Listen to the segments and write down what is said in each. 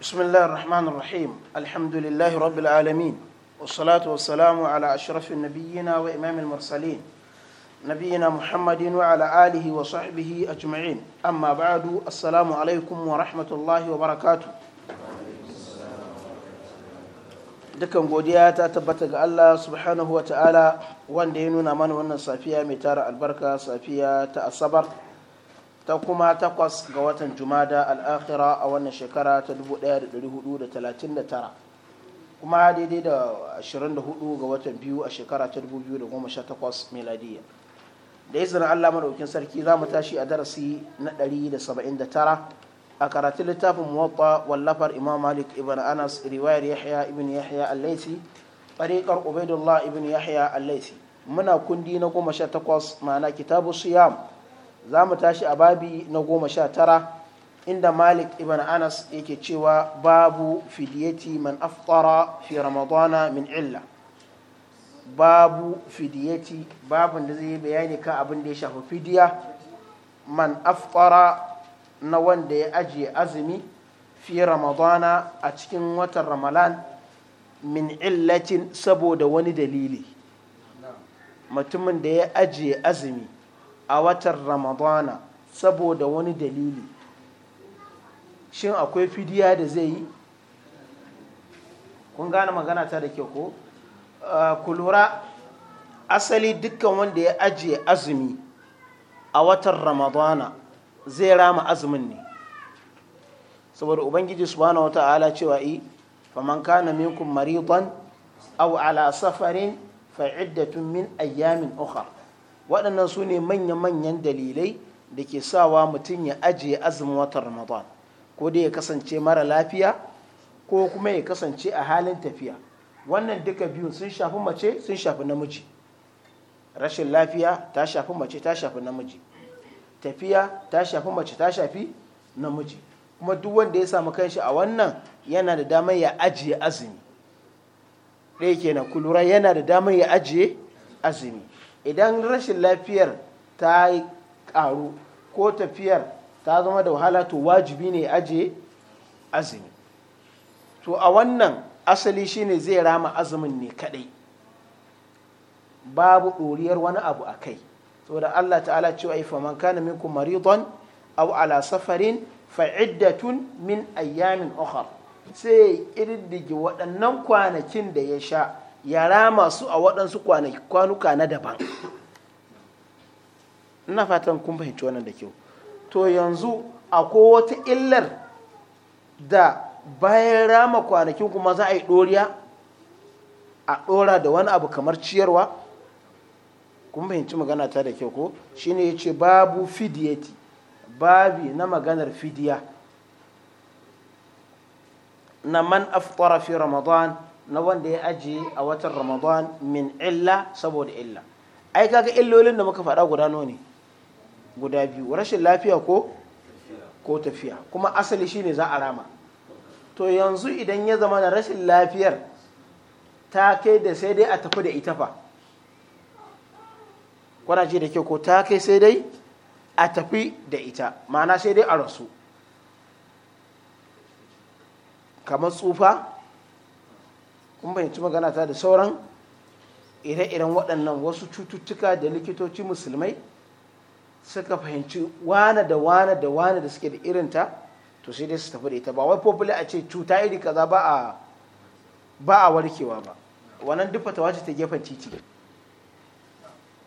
بسم الله الرحمن الرحيم الحمد لله رب العالمين والصلاة والسلام على أشرف النبيين وإمام المرسلين نبينا محمد وعلى آله وصحبه أجمعين أما بعد السلام عليكم ورحمة الله وبركاته dukan godiya ta tabbata ga Allah subhanahu wa ta'ala wanda ya nuna mana wannan safiya mai tara albarka safiya ta asabar ta kuma takwas ga watan jumada al'akhira a wannan shekara ta 1439 kuma daidai da 24 ga watan biyu a shekara ta 2018 meladiya da izinin allah maɗaukin sarki za mu tashi a darasi na 179 a karatun littafin muwatta wallafar imam malik ibn anas riwayar yahya ibn yahya al al-laisi tariƙar ubaidullah ibn yahya al laisi muna kundi na 18 ma'ana kitabu siyam za mu tashi a babi na goma sha tara inda malik ibn anas yake cewa babu fidiyeti man afkara fi ramadana min illa babu fidiyati babin da zai bayani ka abin da ya shafi fidiya man afkara na wanda ya ajiye azumi fi ramadana a cikin watan ramalan min illacin saboda wani dalili mutumin da ya ajiye azumi a watan ramadana saboda wani dalili shin akwai fidiya da zai yi kun gane magana ta da ke ko kulura asali dukkan wanda ya ajiye azumi a watan ramadana zai rama azumin ne saboda ubangiji subhanahu ala cewa yi faman kana minkum maridan aw ala safarin fa min ayyamin ukhra waɗannan su ne manya-manyan dalilai da ke sawa mutum ya ajiye azumin watan ramadan ko dai ya kasance mara lafiya ko kuma ya kasance a halin tafiya wannan duka biyun sun shafi mace sun shafi namiji rashin lafiya ta shafi mace ta shafi namiji tafiya ta shafi mace ta shafi namiji kuma duk wanda ya samu kanshi a wannan yana da damar ya ajiye azumi ɗaya kenan kulura yana da damar ya ajiye azumi idan rashin lafiyar ta ƙaru ko tafiyar ta zama da wahala to wajibi ne aje azumi to a wannan asali shine zai rama azumin ne kadai babu ɗoriyar wani abu a kai saboda Allah ta'ala cewa ifa man kana minkum maridan aw ala safarin fa iddatun min ayyamin ukhra sai ya waɗannan kwanakin da ya sha Yara masu a waɗansu kwanuka na daban ina fatan kun fahimci wannan da kyau to yanzu akwai wata illar da bayan rama kwanakin kuma za a yi ɗoriya a ɗora da wani abu kamar ciyarwa kun fahimci magana ta da kyau ko shine ya ce babu fidiyati babi na maganar fidiya na man aftara fi ramadan na wanda ya aji a watan ramadan min illa saboda illa ai kaga illolin da muka faɗa guda ne guda biyu rashin lafiya ko ko tafiya kuma asali shine za a rama to yanzu idan ya zama na rashin lafiyar ta kai da sai dai a tafi da ita fa ji da ke ko ta kai sai dai a tafi da ita ma'ana sai dai a rasu kamar tsufa kun bayyanci magana ta da sauran ire-iren waɗannan wasu cututtuka da likitoci musulmai suka fahimci wane da wane da wane da suke da irinta to sai dai su tafi da ita ba wai popular a ce cuta iri kaza ba a ba warkewa ba wannan duk fatawa ce ta gefen titi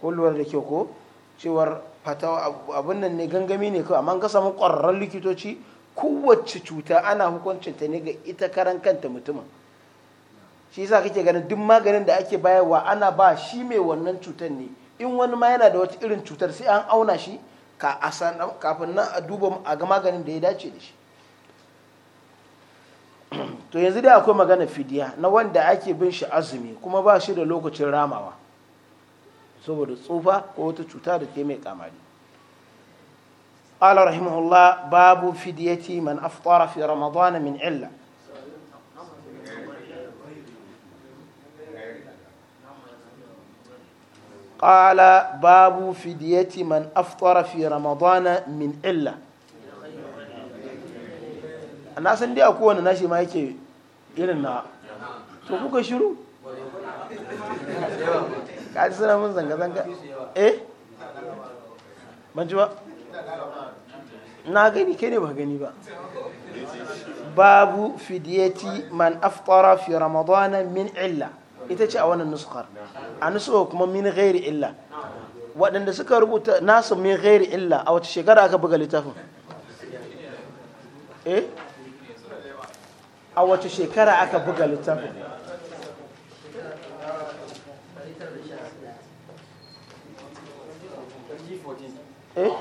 kullum da ke ko cewar fatawa abin nan ne gangami ne kawai amma ga samu ƙwararren likitoci kowace cuta ana hukuncin ta ne ga ita karan kanta mutumin shi yasa kake ganin duk maganin da ake bayarwa ana ba shi mai wannan cutar ne in wani ma yana da wata irin cutar sai an auna shi kafin nan a duba a ga maganin da ya dace da shi to yanzu dai akwai magana fidiya na wanda ake bin shi azumi kuma ba shi da lokacin ramawa saboda tsufa ko wata cuta da ke mai kamari قال رحمه الله باب man من أفطر في رمضان من قال babu فدية من أفطر في رمضان من إلا أنا أصلا دي أكون أنا شي ما يكي إلنا تقوك شروع kaji suna mun zanga-zanga eh banci ba na gani ba gani ba babu fidiyati man aftara fi ramadana min illa ita ce a wannan nusukar a nusukar kuma min ghairi illa waɗanda suka rubuta nasu min ghairi illa a wata shekara aka buga littafin eh a wata shekara aka buga littafin eh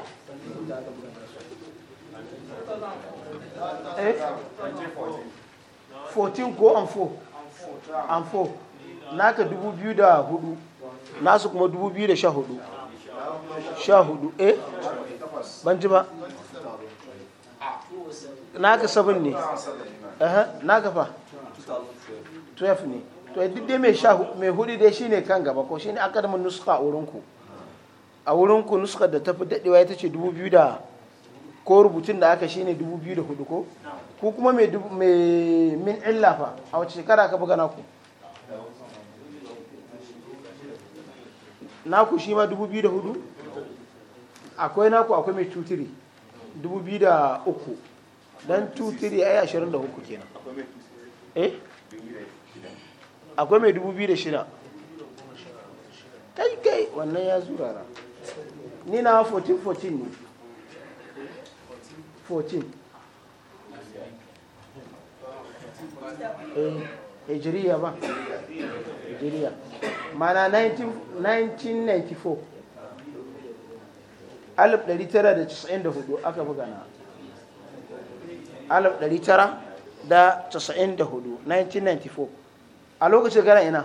eh 14 ko an 4 an 4 naka dubu biyu da hudu nasu kuma dubu biyu da sha hudu sha hudu eh ban ji ba naka sabon ne naka fa 12 ne to yi didde mai hudu dai shine kan gaba ko shine akadamin nuska a wurinku a wurinku nuskar da tafi dadewa ita ce dubu biyu da ko rubutun da aka shine dubu biyu da hudu ko ku kuma mai min illa fa a wace shekara ka buga naku ku naku shi ma 2004 akwai naku akwai mai tutiri 2003 don tutiri ai 23 kenan eh akwai mai 2006 kai kai wannan ya zurara ni na 1414 ne 14 eh hijriya ba hijriya mana 1994 1994 aka buga na 1994 1994 a lokacin gara ina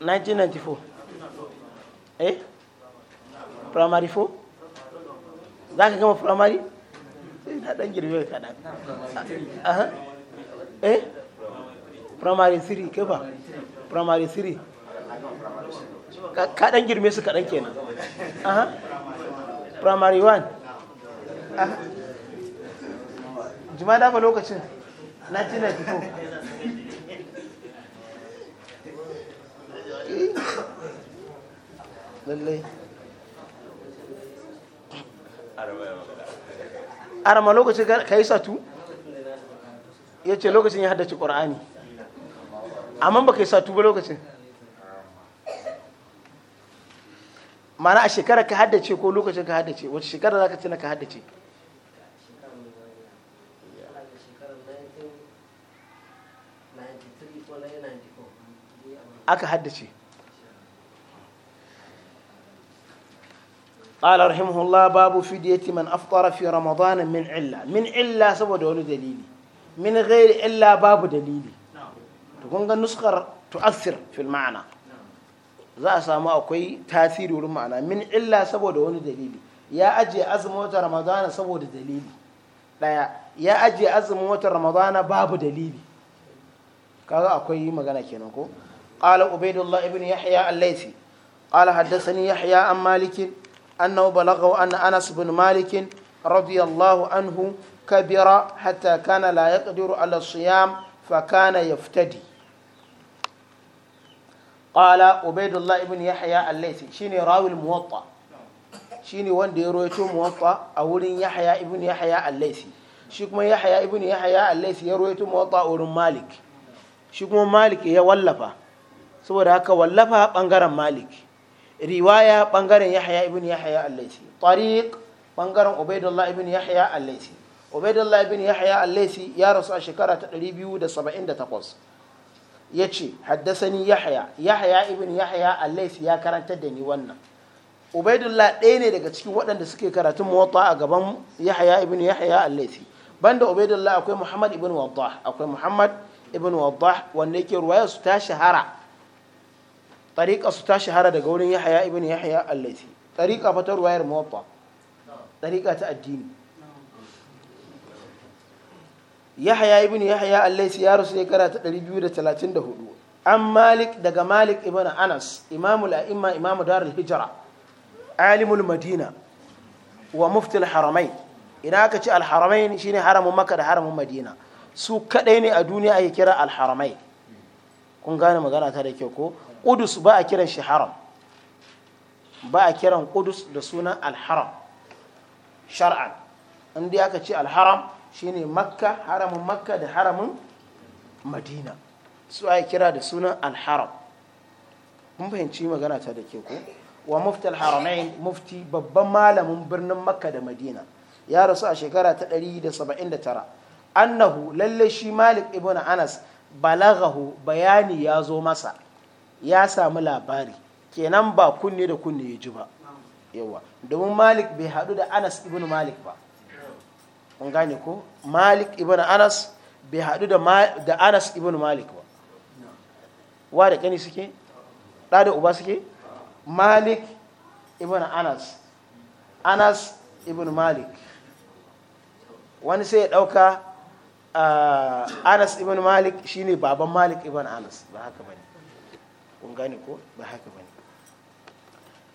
1994 eh primary 4 za ka gama primary Eh, na dan girme kaɗan eh primary ke ba primary su kaɗan kenan aha primary 1 juma dafa lokacin 1994 eh. lallai arama lokacin ka yi satu ya ce lokacin ya haddace ƙorani amma ba ka yi satu ba lokacin mana a shekara ka haddace ko lokacin ka haddace wace shekara za ka cina ka haddace aka haddace قال رحمه الله باب فدية من أفطر في رمضان من علة من علة سوى دول دليلي من غير إلا باب دليلي تكون نسخة تؤثر في المعنى za a samu akwai tasiri wurin ma'ana min illa saboda wani dalili ya ajiye azumin wata ramadana saboda dalili daya ya ajiye azumin wata ramadana babu dalili kaga akwai magana kenan ko qala ubaidullah ibn yahya al-laythi qala haddathani yahya an malikin أنه بلغه أن أنس بن مالك رضي الله عنه كبر حتى كان لا يقدر على الصيام فكان يفتدي قال عبيد الله بن يحيى الليثي شيني راوي الموطا شيني وان يرويته موطا أولين يحيى ابن يحيى الليثي شكما يحيى ابن يحيى الليثي يرويته موطا أولين مالك شكما مالك يولفه سوى ذاك ولفه بانغرام مالك, مالك. riwaya bangaren yahaya ibn yahya al-laisi tariq bangaren ubaidullah ibn yahya al-laisi ubaidullah ibn yahya al ya rasu a shekara ta 278 yace haddasani yahya yahya ibn yahya al-laisi ya karantar da ni wannan ubaidullah ɗaya ne daga cikin waɗanda suke karatun muwatta a gaban yahya ibn yahya al-laisi banda ubaidullah akwai muhammad ibn wadda akwai muhammad ibn wadda wanda yake ruwaya su ta shahara tariƙa su ta shahara daga wurin yahaya ibn yahaya allaisi tariƙa fatar wayar muwatta tariƙa ta addini yahaya ibn yahaya allaisi ya rasu shekara ta 234 an malik daga malik ibn anas imamul a'imma imamu darul hijra alimul madina wa muftil haramai ina aka ce alharamai shine haramun maka da haramun madina su kadai ne a duniya ake kira alharamai kun gane magana ta da kyau ko ƙudus ba a kiran shi haram ba a kiran ƙudus da sunan alharam shar'an inda aka ce alharam shine makka haramin makka da haramin madina su a kira da sunan alharam mun fahimci magana ta da ke ku wa mufti alharamain mufti babban malamin birnin makka da madina ya rasu a shekara ta 179 annahu lalle shi malik ibn anas balagahu bayani ya zo masa ya samu labari kenan ba kunne da kunne ya ji ba yawa domin malik bai haɗu da anas ibn malik ba kun gane ko malik ibn anas bai haɗu da anas ibn malik ba wa da ƙani suke ɗa da uba suke malik ibn anas anas ibn malik wani sai ya ɗauka ah, anas ibn malik shine baban malik ibn anas ba haka bane kun gane ko ba haka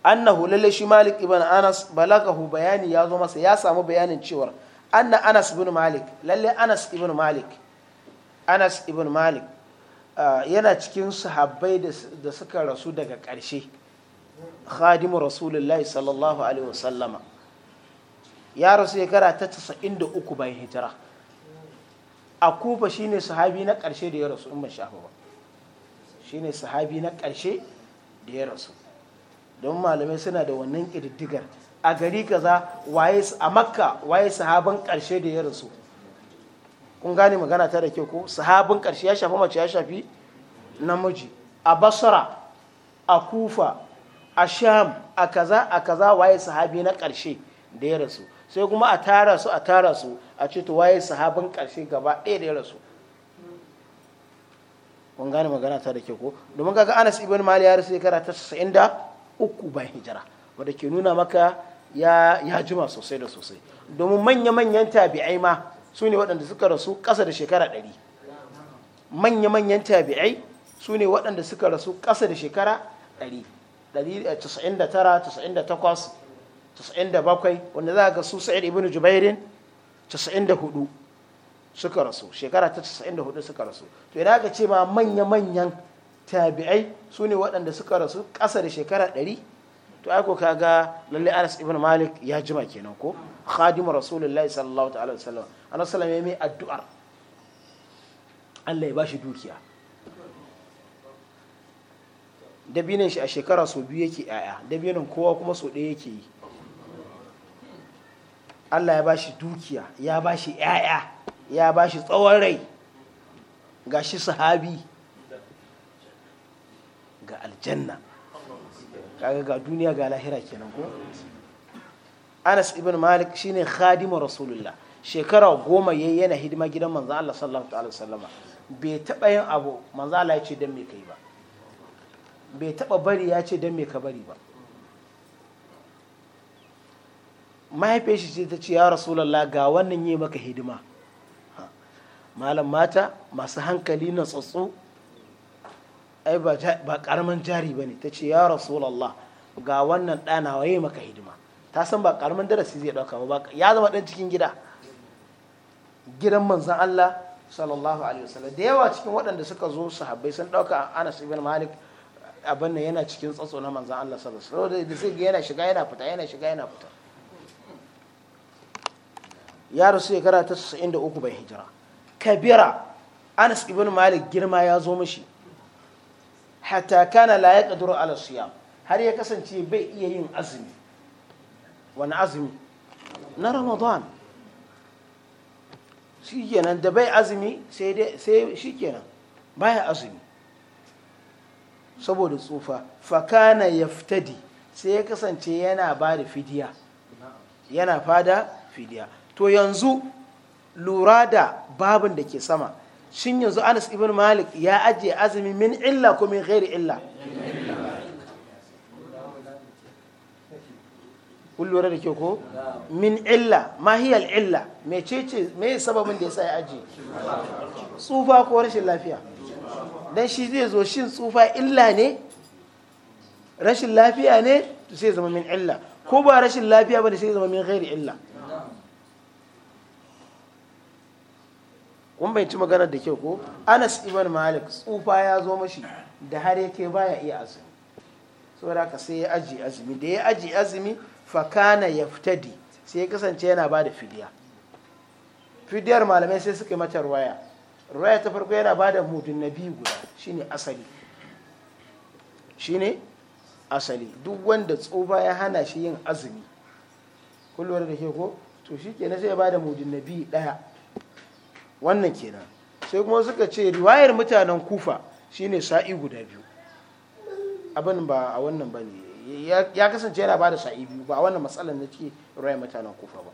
an na shi malik ibn anas balagahu bayani ya zo masa ya samu bayanin cewar an na anas ibn malik lalle anas ibn malik anas ibn malik yana cikin sahabbai da suka rasu daga ƙarshe khadimu rasulullahi sallallahu alaihi wasallama ya rasu shekara ta uku bayan hijira a kufa shine sahabi na ƙarshe da ya rasu in ba shafa ba shine sahabi na ƙarshe da ya rasu don malamai suna da wannan ƙididdigar a gari kaza waye a makka waye sahabin ƙarshe da ya rasu kun gane magana ta da kyau ko sahabin ƙarshe ya shafi mace ya shafi namiji a basra a kufa a sham a kaza a kaza waye sahabi na ƙarshe da ya rasu sai kuma a tara su a tara su a ce to waye sahabin ƙarshe gaba ɗaya da ya rasu kun gane magana ta da ke ko domin kaga Anas ibn Malik ya rasu shekara ta 93 bayan hijira wanda ke nuna maka ya ya jima sosai da sosai domin manya manyan tabi'ai ma su ne waɗanda suka rasu ƙasa da shekara 100 manya manyan tabi'ai su ne waɗanda suka rasu ƙasa da shekara 100 99 98 97 wanda za ka ga su Sa'id ibn Jubairin 94 suka rasu shekara ta 94 suka rasu to idan aka ce ma manya-manyan tabi'ai su ne waɗanda suka rasu ƙasa da shekara 100 to aiko ka ga lalle anas ibn malik ya jima kenan ko khadimu rasulullahi sallallahu ta'ala wa sallam annabi sallallahu ya mai addu'ar Allah ya bashi dukiya dabinin shi a shekara sau biyu yake yaya dabinin kowa kuma sau ɗaya yake yi Allah ya bashi dukiya ya bashi yaya ya ba shi tsawon rai ga shi sahabi ga aljanna kaga ga duniya ga lahira kenan ko anas ibn malik shine khadimu rasulullah shekara goma yayi yana hidima gidan manzo Allah sallallahu alaihi wasallam bai taba yin abu manzo Allah ya ce dan me kai ba bai taba bari ya ce dan me ka bari ba mahaifiyar shi ce ta ce ya rasulullah ga wannan yi maka hidima malam mata masu hankali na tsatso ai ba karamin jari ba ne ta ce ya rasulallah ga wannan ɗana waye maka hidima ta san ba karamin darasi zai ɗauka ba ya zama ɗan cikin gida gidan manzan Allah sallallahu alaihi wasallam da yawa cikin waɗanda suka zo sahabbai sun ɗauka Anas ibn Malik abin nan yana cikin tsatso na manzan Allah sallallahu alaihi wasallam da sai yana shiga yana fita yana shiga yana fita ya rasu shekara ta 93 bai hijira kabira anas ibn malik girma ya zo mashi hatta kana la ala siyam har ya kasance bai iya yin azumi wani azumi na ramadan shikenan da bai azumi sai shi baya azumi saboda tsufa fakana yaftadi sai ya kasance yana ba da fidiya yana fada fidiya to yanzu lura da babin da ke sama shin yanzu anas ibn malik ya ajiye azumi min illa ko min ghairi illa kun lura da ke ko min illa mahiyal illa mecece me sababin da ya sa ya ajiye tsufa ko rashin lafiya dan shi zai zo shin tsufa illa ne rashin lafiya ne to sai zama min illa ko ba rashin lafiya ba da sai zama min ghairi illa kun bai ci maganar da kyau ko anas ibn malik tsufa ya zo mashi da har yake baya iya azumi da ka sai ya aji azumi da ya aji azumi fakana ya di sai ya kasance yana ba da fidiya fidiyar malamai sai suka yi mata ruwaya ruwaya ta farko yana ba da mudun na biyu guda shine asali shine asali duk wanda tsufa ya hana shi yin azumi kullum da ke ko to shi ke sai ya ba da mudun na biyu daya. wannan kenan sai kuma suka ce riwayar mutanen kufa shine sa'i guda biyu abin ba a wannan ba ya kasance yana ba da sa'i biyu ba a wannan matsalar na ce riwayar mutanen kufa ba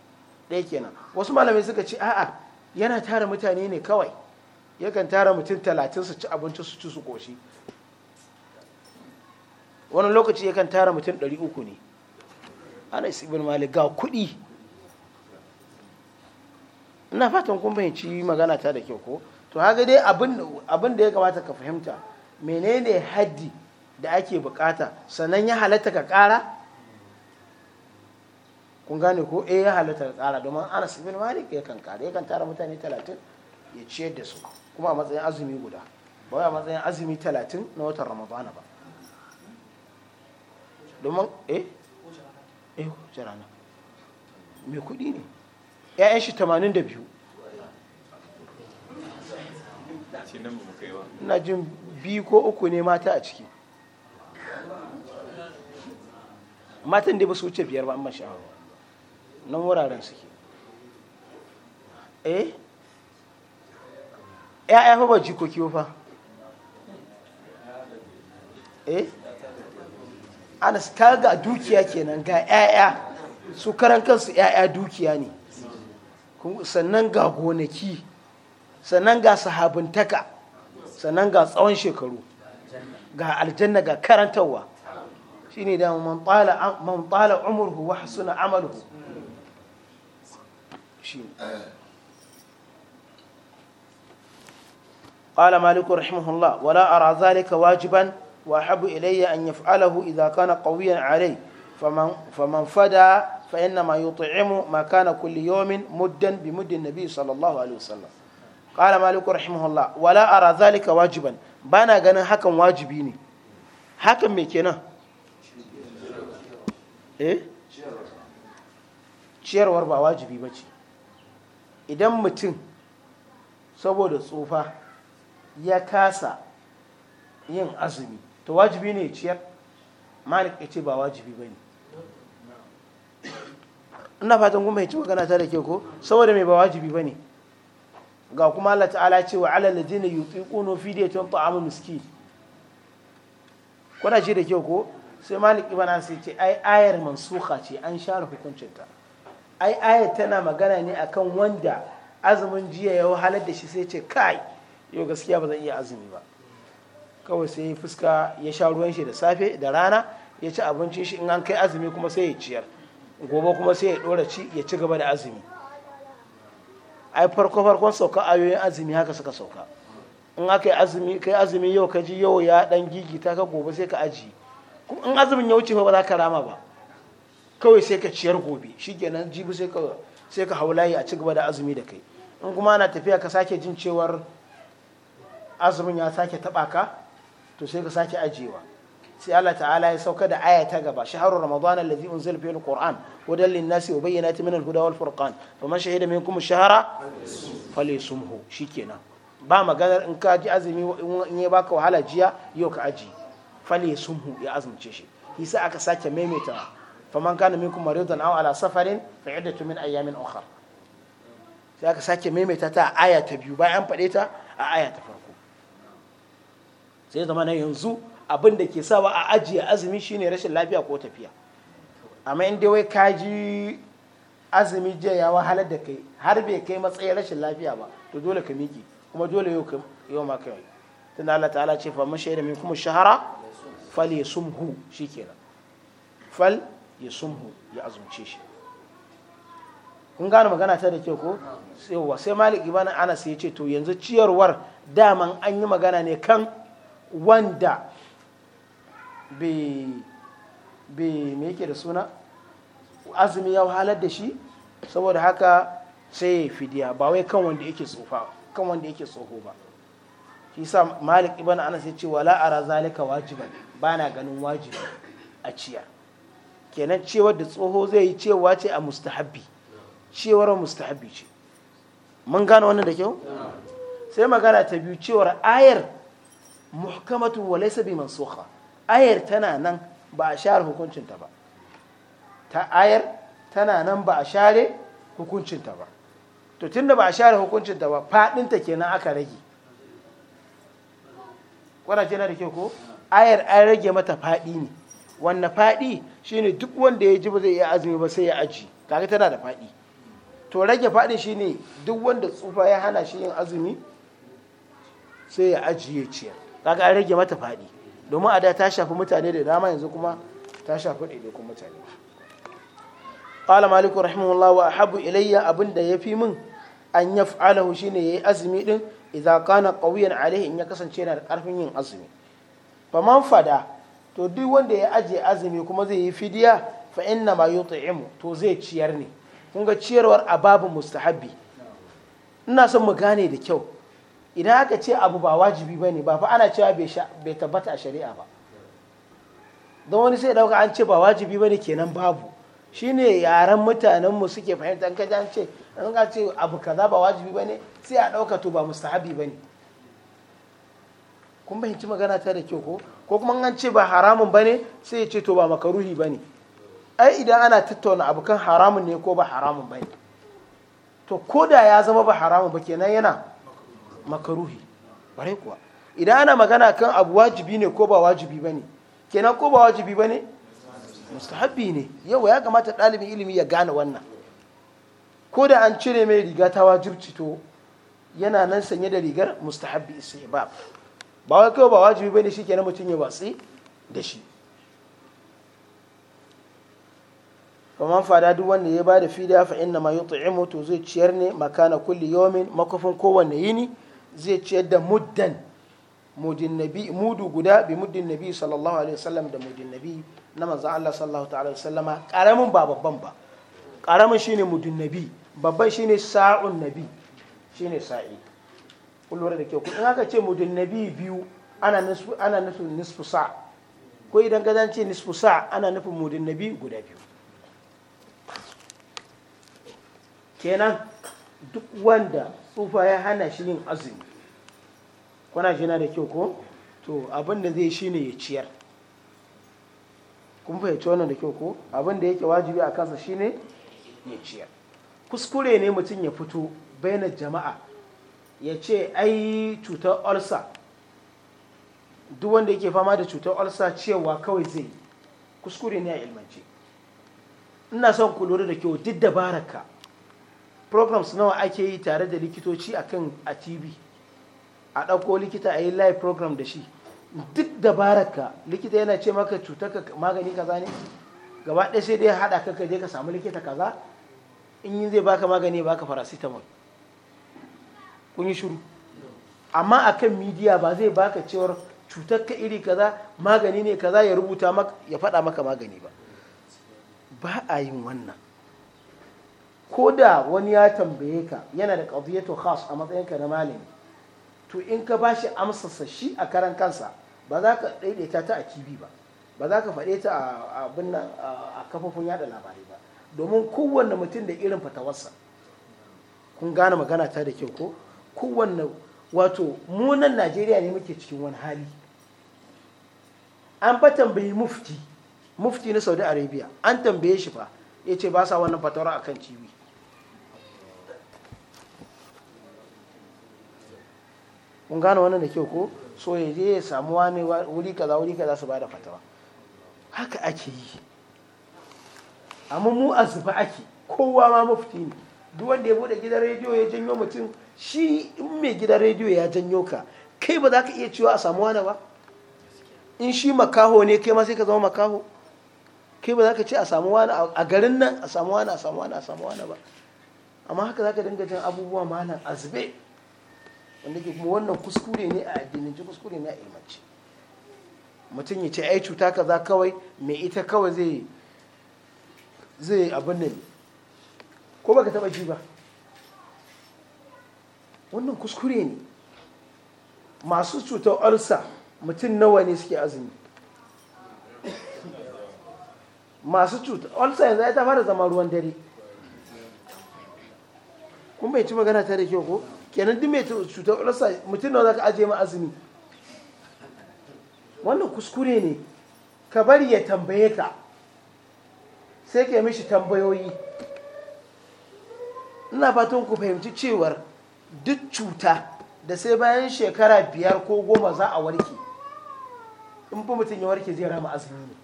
ɗaya kenan wasu malamai suka ce a'a yana tara mutane ne kawai yakan tara mutum talatin su ci abinci su ci su koshi wani lokaci yakan tara mutum ɗari uku ne Ana ibn malik ga kuɗi ina fatan kun fahimci magana ta da kyau ko to haka dai abin da ya kamata ka fahimta menene haddi da ake bukata sannan ya halatta ka kara kun gane ko eh ya halatta ka kara domin anas bin malik ya kan kara ya kan tara mutane 30 ya ciyar da su kuma a matsayin azumi guda ba a matsayin azumi 30 na watan ramadana ba domin eh eh jirana eh, mai kudi ne 'ya'yan shi 82 na jin biyu ko uku ne mata a ciki matan da ba su wuce biyar ba amma sha'awa nan wuraren suke eh ya'ya fa ba jikoki fa eh anas kaga dukiya kenan ga ya'ya su karan kansu ya'ya dukiya ne sannan ga gonaki sannan ga sahabintaka sannan ga tsawon shekaru ga aljanna ga karantarwa shi ne da mamtala umaru wa suna amalu shi ƙala malikun rahimahullah wala a razalika wajiban wa habu ilayya an yafi alahu idakana ƙauyen arai faman fada فإنما يطعم ما كان كل يوم مدا بمد النبي صلى الله عليه وسلم قال مالك رحمه الله ولا أرى ذلك واجبا بانا غنا حكا واجبيني حكا ميكينا إيه ciyarwar ba wajibi bace. idan mutum saboda tsufa ya kasa yin azumi to wajibi ne ciyar malik ya ba wajibi bane ina fatan kuma yace magana ta da ke ko saboda mai ba wajibi bane ga kuma Allah ta'ala ce wa alal ladina yutiquna fidyatun ta'amu miskin kuna ji da ke ko sai malik ibn sai ce ai ayar mansuka ce an sha share hukuncinta ai ayar tana magana ne akan wanda azumin jiya ya wahalar da shi sai ce kai yau gaskiya ba zan iya azumi ba kawai sai ya fuska ya sha ruwan shi da safe da rana ya ci abincin shi in an kai azumi kuma sai ya ciyar gobe kuma sai ya dora ci ya ci gaba da azumi ai farko farkon sauka ayoyin azumi haka suka sauka in aka yi azumi kai azumi yau ka ji yau ya dan gigita ka gobe sai ka aji in azumin ya wuce ba za ka rama ba kawai sai ka ciyar gobe shikenan jibi sai ka sai ka haulayi a ci gaba da azumi da kai in kuma ana tafiya ka sake jin cewar azumin ya sake taɓa ka to sai ka sake ajiyewa sai Allah ta'ala ya sauka da aya ta gaba shaharu ramadan allazi unzila fihi alquran hudan linnasi wa bayyinatin min alhuda wal furqan faman shahida minkum shahara falyasumhu shikenan ba maganar in ka ji azumi in ya baka wahala jiya yau ka aji falyasumhu ya azumce shi yasa aka sake maimaita faman kana minkum maridan aw ala safarin fa iddatu min ayamin ukhra sai aka sake maimaita ta aya ta biyu bayan faɗe ta a aya ta farko sai zama na yanzu abin da ke sa ba a ajiye azumi shine rashin lafiya ko tafiya amma inda dai wai ji azumi jiya ya wahalar da kai har bai kai matsayin rashin lafiya ba to dole ka miki kuma dole yau ma kai tun Allah ta'ala ce fa mashi da min kuma shahara fal yasumhu shikenan fal yasumhu ya azumce shi kun gane magana ta da ke ko sai sai malik ibn anas ya ce to yanzu ciyarwar daman an yi magana ne kan wanda bai me yake da suna azumi ya wahalar da shi saboda haka sai fidiya ba wai kan wanda yake tsofa kan wanda yake tsoho ba shi sa malik ibn anas ya cewa wala ara zalika wajiban ba na ganin wajibi a ciyar kenan cewar da tsoho zai yi cewa ce a mustahabbi cewar mustahabbi ce mun gane wannan da kyau sai magana ta biyu cewar ayar muhkamatu wa laysa bi mansukha ayar tana nan ba a share hukuncinta ba ta ayar tana nan ba a share hukuncinta ba to tunda ba a share hukuncinta ba faɗinta kenan aka rage kwanace na da ke ko ayar an rage mata faɗi ne wannan faɗi shine duk wanda ya ji ba zai iya azumi ba sai ya aji kaga tana da faɗi to rage faɗi shine duk wanda tsufa ya hana shi yin azumi sai ya ajiye ciyar kaga an rage mata faɗi domin a da ta shafi mutane da dama yanzu kuma ta shafi ɗaiɗaikun mutane ƙwala maliku rahimahullah wa ilayya abin da ya fi min an ne shine yi azumi ɗin iza kana ƙauyen alaihi in ya kasance yana da ƙarfin yin azumi ba man fada to duk wanda ya ajiye azumi kuma zai yi fidiya fa inna ma yut'imu to zai ciyar ne kun ga ciyarwar a babu mustahabbi ina son mu gane da kyau idan aka ce abu ba wajibi ba ne ba fa ana cewa bai tabbata a shari'a ba don wani sai dauka an ce ba wajibi ba ne kenan babu Shi ne yaren mutanenmu suke fahimta an kaji an ce an ka ce abu kaza ba wajibi ba ne sai a dauka to ba mustahabi ba ne kun fahimci magana ta da kyau ko ko kuma an ce ba haramun ba ne sai ya ce to ba makaruhi ba ne ai idan ana tattauna abu kan haramun ne ko ba haramun ba ne to ko da ya zama ba haramun ba kenan yana makaruhi bare kuwa idan ana magana kan abu wajibi ne ko ba wajibi ba ne kenan ko ba wajibi ba ne mustahabi ne yau ya kamata ɗalibin ilimi ya gane wannan ko da an cire mai riga ta wajibci to yana nan sanye da rigar mustahabi istihbab ba wai kawai ba wajibi bane shi kenan mutum ya watsi da shi kamar fada duk wanda ya ba da fida fa inna mayu yut'imu to zai ciyar ne makana kulli yomin makofin kowanne yini zai ciyar da muddan mudin nabi mudu guda bi muddin nabi sallallahu alaihi wasallam da mudin nabi na manzo Allah sallallahu ta'ala alaihi wasallama karamin ba babban ba karamin shine mudin nabi babban shine sa'un nabi shine sa'i kun da da kyau in aka ce mudin nabi biyu ana nisfu ana nufin nisfu sa ko idan ka zance nisfu sa ana nufin mudin nabi guda biyu kenan duk wanda tsufa ya hana shi yin azumi kuna shi na da kyau ko to abin da zai ne ya ciyar kun fahimci wannan da kyau ko abin da yake wajibi a kansa ne ya ciyar kuskure ne mutum ya fito bayan jama'a ya ce ai cutar olsa duk wanda yake fama da cutar olsa cewa kawai zai kuskure ne a ilmance ina son ku lura da kyau duk dabararka programs nawa ake yi tare da likitoci akan a tv a ɗauko likita a yi live program da shi duk ka likita yana ce maka cutar ka magani kaza ne gaba ɗaya sai dai haɗa ka ka ka samu likita kaza in yi zai baka magani baka paracetamol kun yi shuru amma akan midiya ba zai baka cewar ka iri kaza magani ne kaza ya rubuta ya faɗa maka magani ba ba a yin wannan ko da wani ya tambaye ka yana da qadiyatu khas a matsayinka na malami to in ka ba shi amsarsa shi a karan kansa ba za ka daidaita ta a kibi ba ba za ka faɗe ta a abin a kafofin yada labarai ba domin kowanne mutum da irin fatawarsa kun gane magana ta da kyau ko kowanne wato mu nan najeriya ne muke cikin wani hali an ba tambayi mufti mufti na saudi arabia an tambaye shi ba ya ce ba sa wannan fatawar a kan cibi kun gane wannan da kyau ko so ya je ya samu wani wuri kaza wuri kaza su bada fatawa haka ake yi amma mu a zuba ake kowa ma mafiti ne duk wanda ya bude gidan rediyo ya janyo mutum shi in mai gidan rediyo ya janyo ka kai ba za ka iya cewa a samu wani ba in shi makaho ne kai ma sai ka zama makaho kai ba za ka ce a samu wani a garin nan a samu wani a samu wani a samu wani ba amma haka za ka dinga jin abubuwa malam azube wanda ke kuma wannan kuskure ne a addinance kuskure ne a ilmanci mutum ya ce ai cuta ka za kawai mai ita kawai zai zai abin ne. ko baka taba ji ba wannan kuskure ne masu cutar ulcer mutum nawa ne suke azumi masu cutar ulcer yanzu ya ta fara zama ruwan dare kun bai ci magana ta da kyau ko kenan duk mai cutar rasa mutum nawa zaka ajiye ma azumi wannan kuskure ne ka bari ya tambaye ka sai ka yi mishi tambayoyi ina fatan ku fahimci cewar duk cuta da sai bayan shekara biyar ko goma za a warke in fi mutum ya warke zai rama azumi ne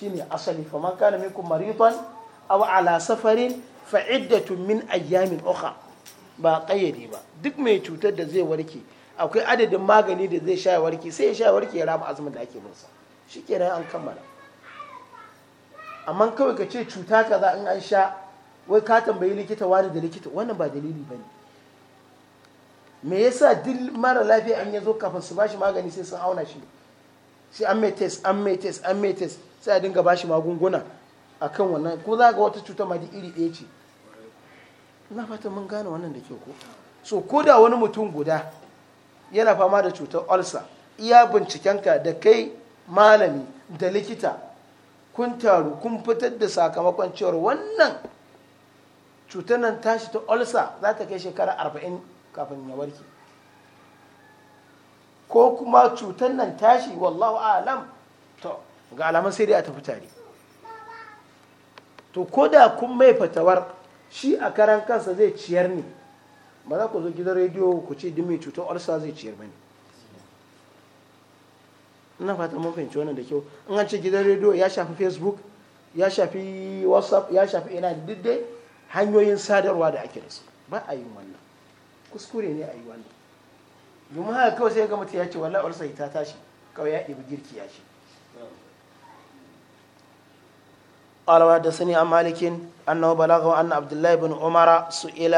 shine asali faman kana mariton maridan a ala safarin fa min ayyamin ukhra ba kayyade ba duk mai cutar da zai warke akwai adadin magani da zai sha warke sai ya sha warke ya rama azumin da ake binsa shi kenan an kammala amma kawai ka ce cuta kaza in an sha wai ka tambayi likita wani da likita wannan ba dalili ba ne me yasa duk mara lafiya an ya zo kafin su bashi magani sai sun auna shi sai an mai test an mai test an mai test sai a dinga bashi magunguna akan wannan ko za ga wata cuta ma iri ɗaya ce na fata mun gane wannan da ke ko so ko da wani mutum guda yana fama da cutar ulcer iya bincikenka da kai malami da likita kun taru kun fitar da sakamakon cewar wannan cutar nan tashi ta ulcer za ta kai shekara arba'in kafin ya warke ko kuma cutar nan tashi wallahu alam to ga alaman sai dai a tafi tare to ko da kun mai fatawar shi a karan kansa zai ciyar ne ba za ku zo gidan rediyo ku ce dimi cutar olsa zai ciyar ba ne ina fata mun fahimci wannan da kyau in an ce gidan rediyo ya shafi facebook ya shafi whatsapp ya shafi ina duk hanyoyin sadarwa da ake da su ba a yi wannan kuskure ne a yi wannan domin haka kawai sai ga mutum ya ce wallahi olsa ta tashi kawai ya ɗibi girki ya ce da sani a malikin أنه بلغه أن عبد الله بن عمر سئل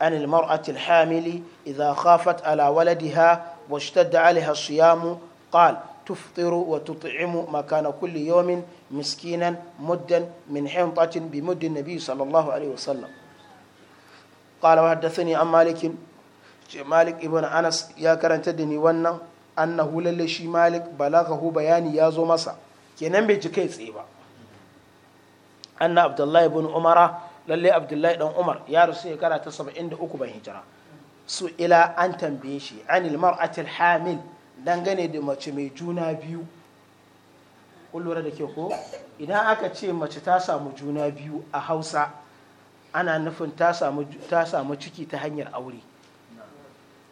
عن المرأة الحامل إذا خافت على ولدها واشتد عليها الصيام قال تفطر وتطعم مكان كل يوم مسكينا مدا من حنطة بمد النبي صلى الله عليه وسلم قال وحدثني عن مالك مالك ابن أنس يا كرنت دني ونن أنه للشي مالك بلغه بياني يا زو مسا كنن بيجي كيس إيه anna abdullahi ibn umara lalle abdullahi dan umar ya rasu shekara ta 73 ban hijira su ila an tambaye shi anil mar'atil hamil dangane da mace mai juna biyu kun da ke ko idan aka ce mace ta samu juna biyu a hausa ana nufin ta samu ciki ta hanyar aure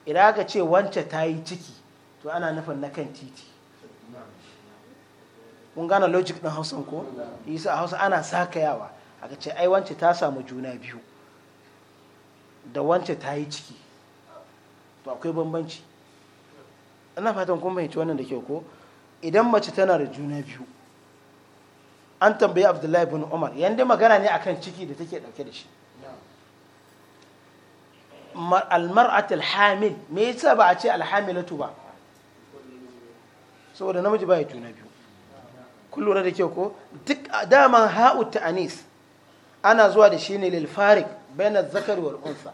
idan aka ce wance ta yi ciki to ana nufin na kan titi kun gane logic ɗin hausan ko yasa a hausa ana sakayawa aka ce ai wance ta samu juna biyu da wance ta yi ciki to akwai bambanci ina fatan kun fahimci wannan da kyau ko idan mace tana da juna biyu an tambayi abdullahi bin umar yadda magana ne akan ciki da take dauke da shi almar'at alhamil me yasa ba a ce alhamilatu ba saboda namiji ba ya juna biyu kun da kyau ko duk daman ha'u ta'anis ana zuwa da shi ne lil farik bayna zakari wal unsa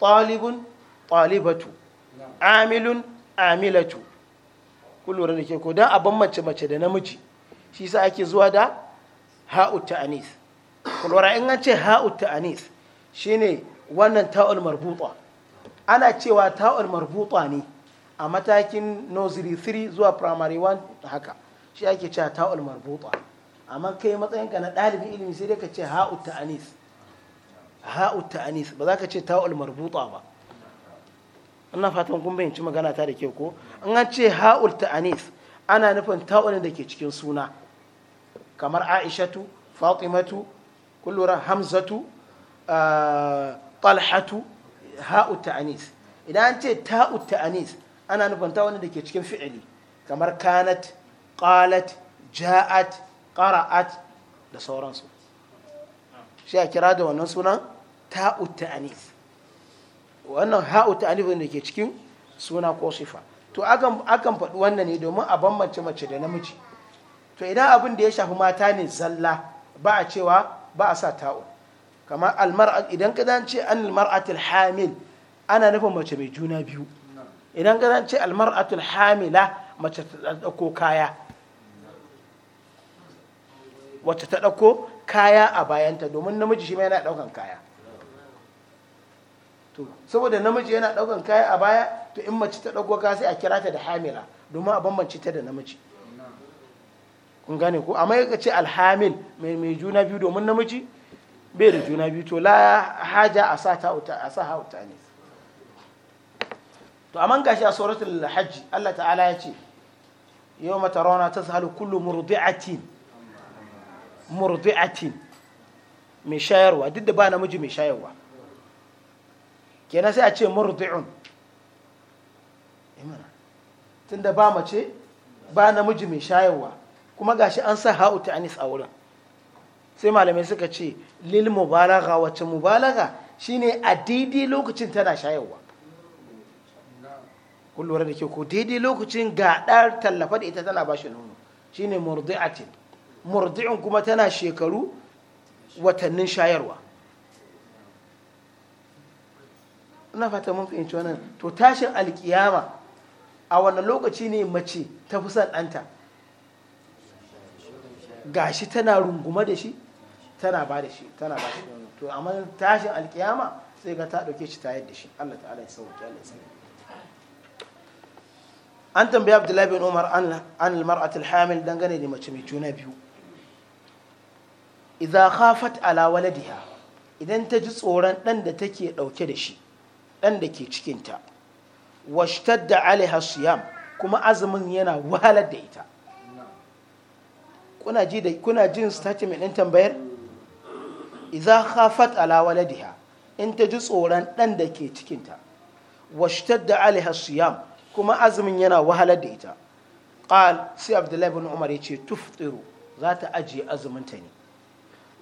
talibun talibatu amilun amilatu kun da kyau ko dan a mace mace da namiji shi yasa ake zuwa da ha'u ta'anis kun lura in an ce ha'u ta'anis ne wannan ta'ul marbuta ana cewa ta'ul marbuta ne a matakin nursery 3 zuwa primary 1 haka shi ake cewa ta'ul marbuta amma kai matsayinka na ɗalibin ilimi sai dai ka ce ha'u ta'anis ha'u ta'anis ba za ka ce ta'ul marbuta ba ina fatan kun bayyanci magana ta da ke ko an an ce ha'ul ta'anis ana nufin ta'ulin da ke cikin suna kamar aishatu fatimatu kullura hamzatu eh, talhatu ha'u ta'anis idan an ce ta'u ta'anis ana nufin ta'ulin da ke cikin fi'ili kamar kanat qalat ja'at qara'at da sauransu shi a kira da wannan sunan ta'ut ta'anis wannan ha'ut ta'anis ne ke cikin suna ko sifa to akan faɗi wannan ne domin a bambance mace da namiji to idan abin da ya shafi mata ne zalla ba a cewa ba a sa ta'u kamar almar'a idan ka ce an almar'atul hamil ana nufin mace mai juna biyu idan ka ce almar'atul hamila mace ta ɗauko kaya wacce ta ɗauko kaya a bayanta domin namiji shi ma yana ɗaukan kaya to saboda namiji yana ɗaukan kaya a baya to in mace ta ɗauko kaya sai a kira ta da hamila domin a bambance ta da namiji kun gane ko amma yaka ce alhamil mai mai juna biyu domin namiji bai da juna biyu to la haja a sa ta a sa hauta ne to amma gashi a suratul hajj Allah ta'ala ya ce yawma tarawna tazhalu kullu murdi'atin murdi'atin mai shayarwa duk da ba namiji mai shayarwa kenan sai a ce murdi'un eh tun da ba mace ba namiji mai shayarwa kuma gashi an sa ha'u ta anis a wurin sai malamai suka ce lil mubalaga wacce mubalaga shine a daidai lokacin tana shayarwa kun da ke ko daidai lokacin ga ɗar tallafa da ita tana ba shi nono shine murdi'atin murdi'un kuma tana shekaru watannin shayarwa ina fata mun fahimci wannan to tashin alkiyama a wannan lokaci ne mace ta fi son ɗanta gashi tana runguma da shi tana ba da shi tana ba shi to amma tashin alkiyama sai ga ta ɗauke shi ta yadda shi Allah ta'ala ya sauke Allah ya sauke an tambaya Abdullahi bin Umar an al-mar'atul hamil dangane da mace mai juna biyu idza khafat ala waladiha idan ta ji tsoron ɗan da take ɗauke da shi ɗan da ke cikinta washtadda alaiha siyam kuma azumin yana wahalar da ita kuna ji da kuna jin statement ɗin tambayar idza khafat ala waladiha in ta ji tsoron ɗan da ke cikinta da alaiha siyam kuma azumin yana wahalar da ita qal sai abdullahi umar yace tuftiru za ta ajiye azumin ta ne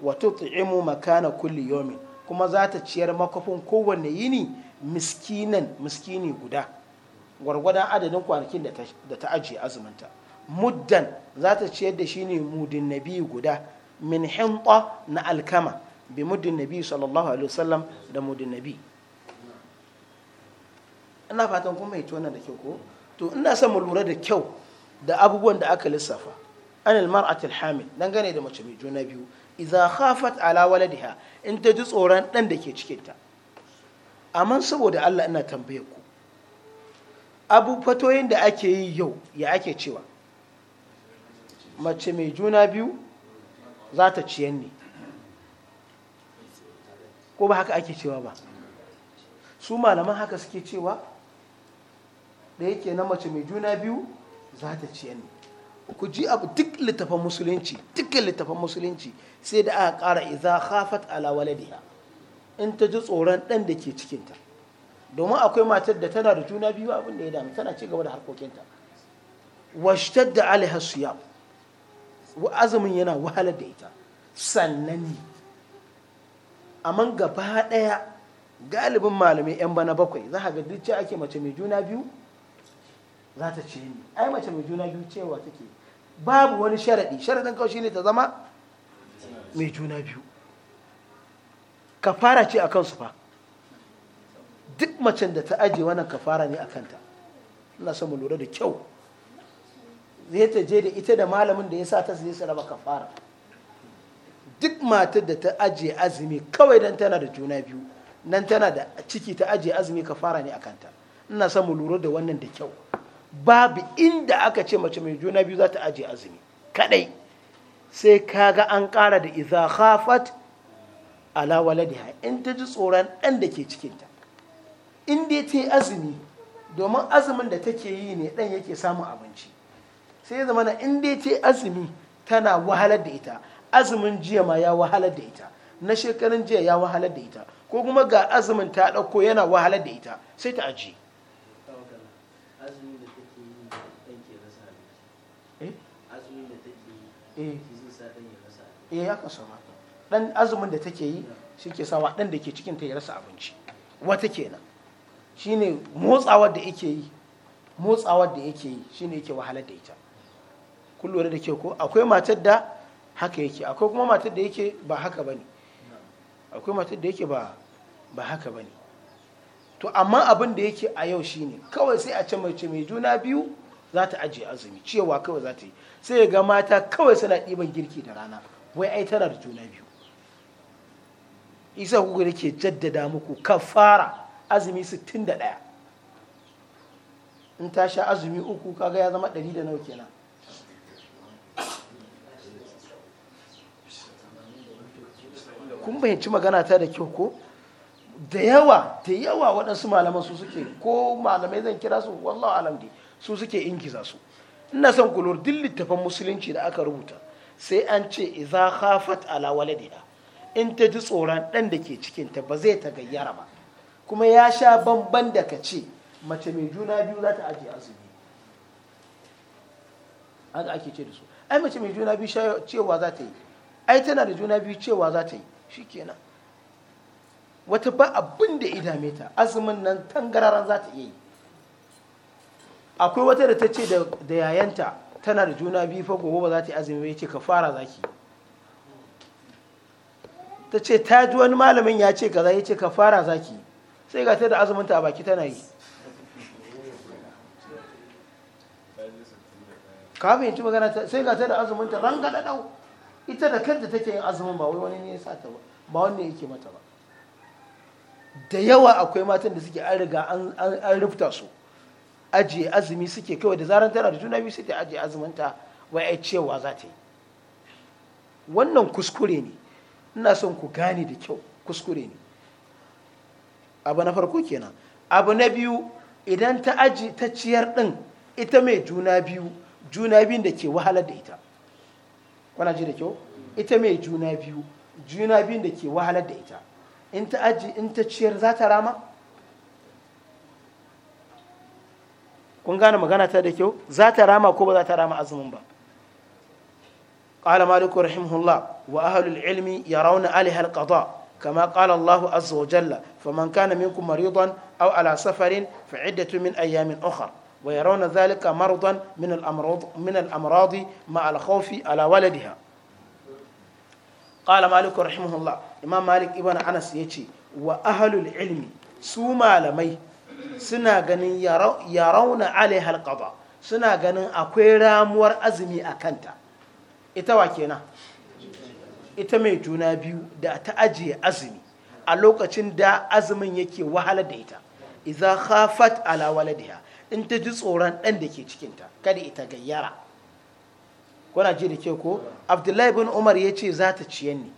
wato tut'imu makana kulli yomi kuma za ta ciyar makafin kowanne yini miskinan miskini guda gwargwadon adadin kwanakin da ta ajiye azuminta muddan za ta ciyar da shi ne mudin guda min hinta na alkama bi mudin sallallahu alaihi wasallam da mudin ina fatan kuma mai tona da kyau ko to ina son mu lura da kyau da abubuwan da aka lissafa anil mar'atil hamil dangane da mace mai juna biyu Iza khafat ala waladiha in ta ji tsoron dan da ke cikinta amma saboda Allah ina tambaye ku abu fatoyin da ake yi yau ya ake cewa mace mai juna biyu za ta ciyen ne ko ba haka ake cewa ba su malaman haka suke cewa da yake na mace mai juna biyu za ta ciyen ne ku ji abu duk littafin musulunci duk littafin musulunci sai da aka kara iza khafat ala waladiha in ta ji tsoron ɗan da ke cikinta domin akwai matar da tana da juna biyu abin da ya dami tana ci gaba da harkokinta washtar da alihar suya azumin yana wahala da ita sannan ne amma gaba ɗaya galibin malamai 'yan bana bakwai za ka ga duk ake mace mai juna biyu za ta ce ni ai mace mai juna biyu cewa take babu wani sharaɗi sharaɗin kawai shine ta zama mai juna biyu ka fara ce a kansu fa duk macen da ta aje wannan kafara ne a kanta ina son mu lura da kyau zai ta je da ita da malamin da ya sa ta zai su raba kafara duk matar da ta aje azumi kawai dan tana da juna biyu nan tana da ciki ta aje azumi kafara ne a kanta ina son mu lura da wannan da kyau babu inda aka ce mace mai juna biyu za ta ajiye azumi kadai sai kaga an kara da iza khafat ala waladiha in ta ji tsoron ɗan da ke cikinta in dai ta yi azumi domin azumin da take yi ne ɗan yake samun abinci sai zama na in dai ta yi azumi tana wahalar da ita azumin jiya ma ya wahalar da ita na shekarun jiya ya wahalar da ita ko kuma ga azumin ta ɗauko yana wahalar da ita sai ta ajiye Eh. eh ya kan samu haka dan azumin da take yi shi ke sawa dan da ke cikin ta ya rasa abinci wata kenan shine motsawar da yake yi motsawar da yake yi shine yake wahalar da ita kun lura da ke ko akwai matar da haka yake akwai kuma matar da yake ba haka bane akwai matar da yake ba ba haka bane to amma abin da yake a yau shine kawai sai a ce mai juna biyu za ta ajiye azumi cewa kawai za ta yi sai ga mata kawai suna ɗiban girki da rana wai ai tana da juna biyu isa kuka ke jaddada muku kafara azumi 61 in ta sha azumi uku kaga ya zama ɗari da nawa kenan kun bayanci magana ta da kyau ko da yawa da yawa waɗansu malaman su suke ko malamai zan kira su wallahu alamdi. su suke ingiza su ina son kulur lura duk littafan musulunci da aka rubuta sai an ce iza khafat ala waladiha in ta ji tsoron dan da ke cikin ta ba zai ta gayyara ba kuma ya sha bamban da ka ce mace mai juna biyu za ta ajiye azumi haka ake ce da su ai mace mai juna biyu cewa za ta yi ai tana da juna biyu cewa za ta yi shikenan wata ba abin da idame ta azumin nan tangararan za ta iya yi akwai wata da ta ce da yayanta tana da juna biyu fa gobe ba za ta yi azumi ya ce ka fara zaki ta ce ta ji wani malamin ya ce kaza ya ce ka fara zaki sai ga ta da azuminta a baki tana yi kafin ci magana sai ga ta da azuminta gada dau ita da kanta take yin azumin ba wai wani ne ya sa ta ba ba wani ne yake mata ba da yawa akwai matan da suke an riga an rufta su ajiye azumi suke kawai da zaran tana da juna biyu sai ta ajiye azuminta wai ai cewa za ta yi wannan kuskure ne ina son ku gane da kyau kuskure ne abu na farko kenan abu na biyu idan ta aji ta ciyar din ita mai juna biyu juna biyun da ke wahalar da ita kwana ji da kyau ita mai juna biyu juna biyun da ke wahalar da ita in ta aji in ta ciyar za ta rama kun gane magana ta da kyau za ta rama ko ba za ta rama azumin ba ƙala maliku rahimahullah wa ahalul ilmi ya rauna alihal qada kama ƙala allahu azza wa jalla fa man kana minkum maridan aw ala safarin fa iddatu min ayyamin ukhra wa yarawna dhalika maridan min al amrad min al amrad ma al khawfi ala waladiha ƙala maliku rahimahullah imam malik ibn anas yace wa ahalul ilmi su malamai suna ganin ya rauna alaiha suna ganin akwai ramuwar azumi a kanta ita wa kenan ita mai juna biyu da ta ajiye azumi a lokacin da azumin yake wahala da ita iza khafat ala waladiha in ta ji tsoron ɗan da ke cikinta kada ita gayyara kuna ji da ke ko abdullahi bin umar ya ce za ta ciyar ne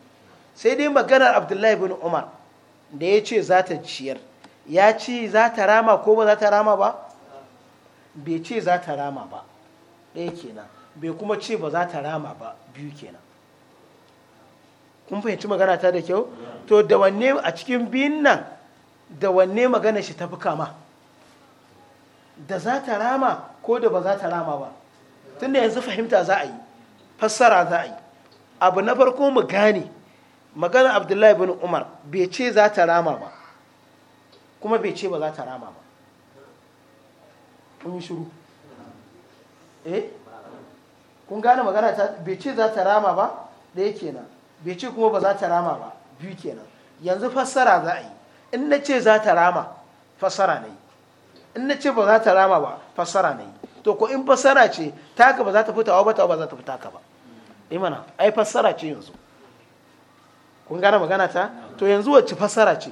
sai dai maganar abdullahi bin umar da ya ce za ta ciyar ya ce za ta rama ko ba za ta rama ba bai ce za ta rama ba ɗaya kenan bai kuma ce ba za ta rama ba biyu kenan kun fahimci magana ta da kyau to da wanne a cikin biyun nan da wanne magana shi tafi kama da za ta rama ko da ba za ta rama ba tunda yanzu fahimta za a yi fassara za a yi abu na farko mu gane magana abdullahi bin umar bai ce za ta rama ba kuma bai ce ba za ta rama ba kun shuru shiru eh kun gane magana ta bai ce za ta rama ba ɗaya kenan bai ce kuma ba za ta rama ba biyu kenan yanzu fassara za a yi in na ce za ta rama fassara na yi in na ce ba za ta rama ba fassara na yi to ko in fassara ce taka ba za ta fita ba ta ba za ta fita ka ba imana eh ai fassara ce yanzu kun gane magana ta to yanzu wacce fassara ce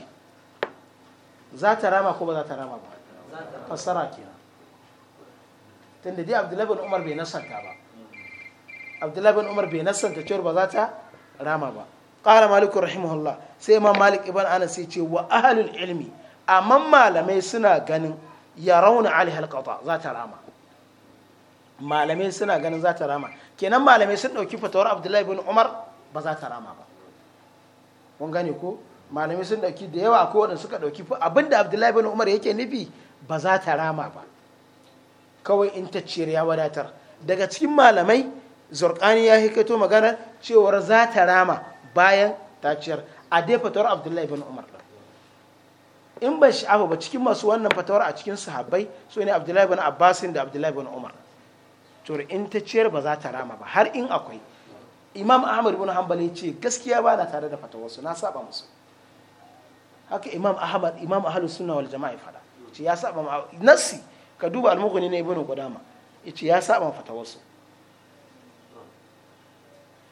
za ta rama ko ba za ta rama ba fassara kenan tunda dai abdullahi bin umar bai nasanta ba abdullahi bin umar bai nasanta cewar ba za ta rama ba qala malik rahimahullah sai imam malik ibn anas sai ce wa ahlul ilmi amma malamai suna ganin ya rauna alaihi alqata za ta rama malamai suna ganin za ta rama kenan malamai sun dauki fatawar abdullahi bin umar ba za ta rama ba kun gane ko malami sun ɗauki da yawa ko wadanda suka dauki abinda abdullahi bin umar yake nufi ba za ta rama ba kawai in ta ciyar ya wadatar daga cikin malamai zurkani ya hikato magana cewar za ta rama bayan ta ciyar a dai fatawar abdullahi bin umar in ba sha'afa ba cikin masu wannan fatawar a cikin sahabbai su ne abdullahi bin abbasin da abdullahi bin umar cewar in ta ciyar ba za ta rama ba har in akwai imam ahmad bin hanbali ce gaskiya ba na tare da fatawarsu na saba musu haka imam ahmad imam ahlus sunna wal jama'a fada yace ya saba nassi ka duba al-mughni na ibnu qudama yace ya saba fatawarsu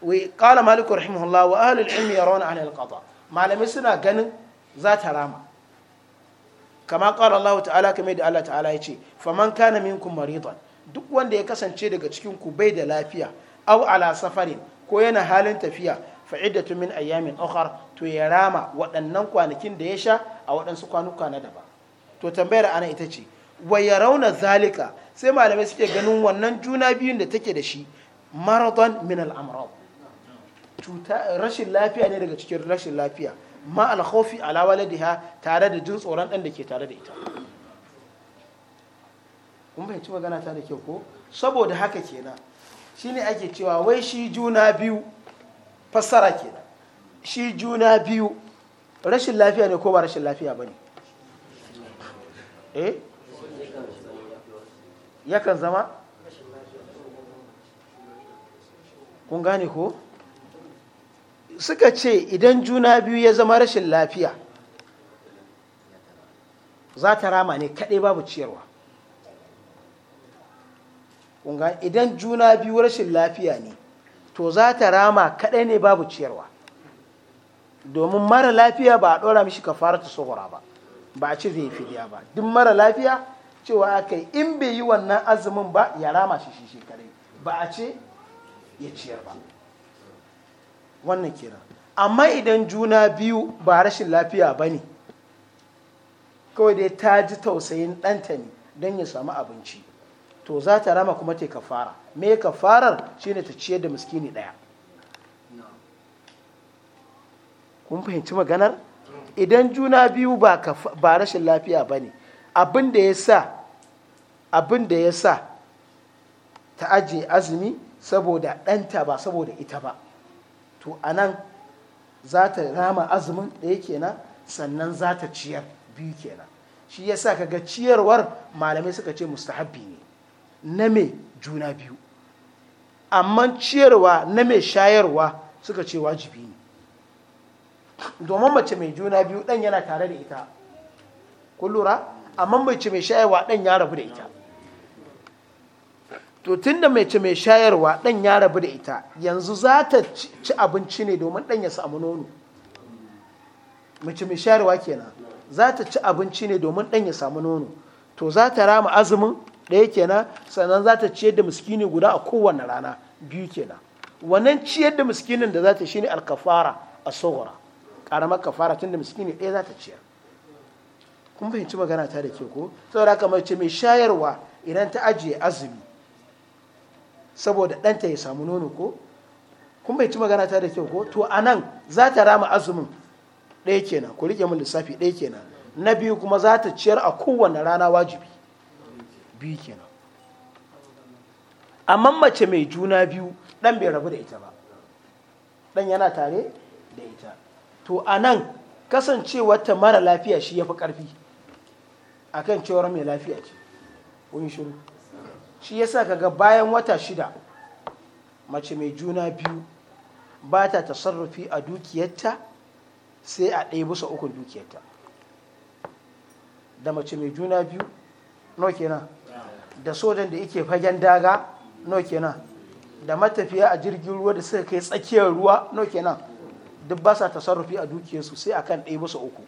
wai qala malik rahimahullah wa ahlul ilmi yarawna ahli al-qada malamai suna ganin za ta rama kama qala allah ta'ala kama da allah ta'ala yace faman kana minkum maridan duk wanda ya kasance daga cikin ku bai da lafiya aw ala safarin ko yana halin tafiya Fa'idatu min ayyamin ukhra to ya rama waɗannan kwanakin da ya sha a waɗansu kwanuka na daba. to tambayar ana ita ce wa rauna zalika sai malamai suke ganin wannan juna biyun da take da shi marathon min al cuta rashin lafiya ne daga cikin rashin lafiya ma al khawfi da waladiha tare da jin tsoron ɗan da ke tare da ita Kuma bai ci magana ta da kyau ko saboda haka kenan shine ake cewa wai shi juna biyu fassara ke shi juna biyu rashin lafiya ne ko ba rashin lafiya ba ne eh? yakan zama kun gane ko suka ce idan juna biyu ya zama rashin lafiya za ta rama ne kaɗai babu ciyarwa idan juna biyu rashin lafiya ne to za ta rama kaɗai ne babu ciyarwa domin mara lafiya ba a ɗora mishi kafara ta tsohora ba ba a ce zai fidiya ba duk mara lafiya cewa aka yi in bai yi wannan azumin ba ya rama shi shi shekarai ba a ce ya ciyar ba wannan kira amma idan juna biyu ba rashin lafiya ba ne kawai dai ta ji tausayin ɗanta ne don ya samu abinci to za ta rama kuma ta kafara me kafarar shine ta ciyar da miskini ɗaya kun fahimci maganar idan juna biyu ba rashin lafiya ba ne abin da ya sa ta ajiye azumi saboda ɗanta ba saboda ita ba to a nan za ta rama azumin ɗaya kenan sannan za ta ciyar biyu kenan shi ya sa ga ciyarwar malamai suka ce mustahabbi ne na mai juna biyu amma ciyarwa na mai shayarwa suka ce wajibi ne domin mace mai juna biyu ɗan yana tare da ita Kullura lura amma mace mai shayarwa ɗan ya rabu da ita to tunda mace mai shayarwa ɗan ya rabu da ita yanzu za ta ci abinci ne domin ɗan ya samu nono mace mai shayarwa kenan za ta ci abinci ne domin ɗan ya samu nono to za ta rama azumin ɗaya kenan sannan za ta ciyar da miskini guda a kowane rana biyu kenan wannan ciyar da miskinin da za ta shi ne alkafara a tsohora ƙaramar kafara tun da miskini ɗaya za ta ciyar kun fahimci magana ta da ke ko saboda kamar ce mai shayarwa idan ta ajiye azumi saboda ɗanta ya samu nono ko kun bai magana ta da kyau ko to a nan za ta rama azumin ɗaya kenan ku riƙe min lissafi ɗaya kenan na biyu kuma za ta ciyar a kowane rana wajibi biyu kenan amma mace mai juna biyu dan bai rabu da ita ba dan yana tare da ita to a nan kasancewarta mara lafiya shi ya fi ƙarfi a kan cewar mai lafiya ce wani shiru shi ya sa kaga bayan wata shida mace mai juna biyu ba ta tasarrufi a dukiyarta sai a ɗaya bisa ukun dukiyarta da mace mai juna biyu nawa kenan da sojan da yake fagen daga no kenan da matafiya a jirgin ruwa da suka kai tsakiyar ruwa no kenan duk ba sa tasarrufi a dukiyarsu sai akan ɗaya musu uku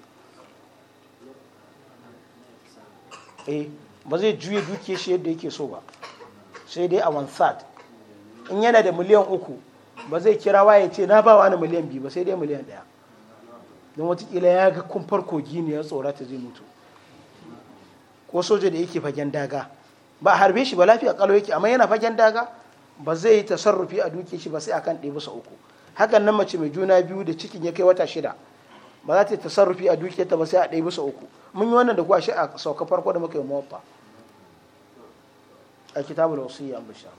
eh ba zai juya dukiyar shi yadda yake so ba sai dai a wansat in yana da miliyan uku ba zai kira waye ce na ba wani miliyan biyu ba sai dai miliyan ɗaya don watakila ya ga kumfar kogi ne ya tsorata zai mutu ko soja da yake fagen daga ba a harbe shi ba lafiya kalo yake amma yana fagen daga ba zai yi tasarrufi a duke shi ba sai akan ɗaya bisa uku hakan nan mace mai juna biyu da cikin ya kai wata shida ba za ta yi tasarrufi a duke ta ba sai a ɗaya bisa uku mun yi wannan da kuwa shi a sauka farko da muka yi mawafa a kitabul wasiyya an bashar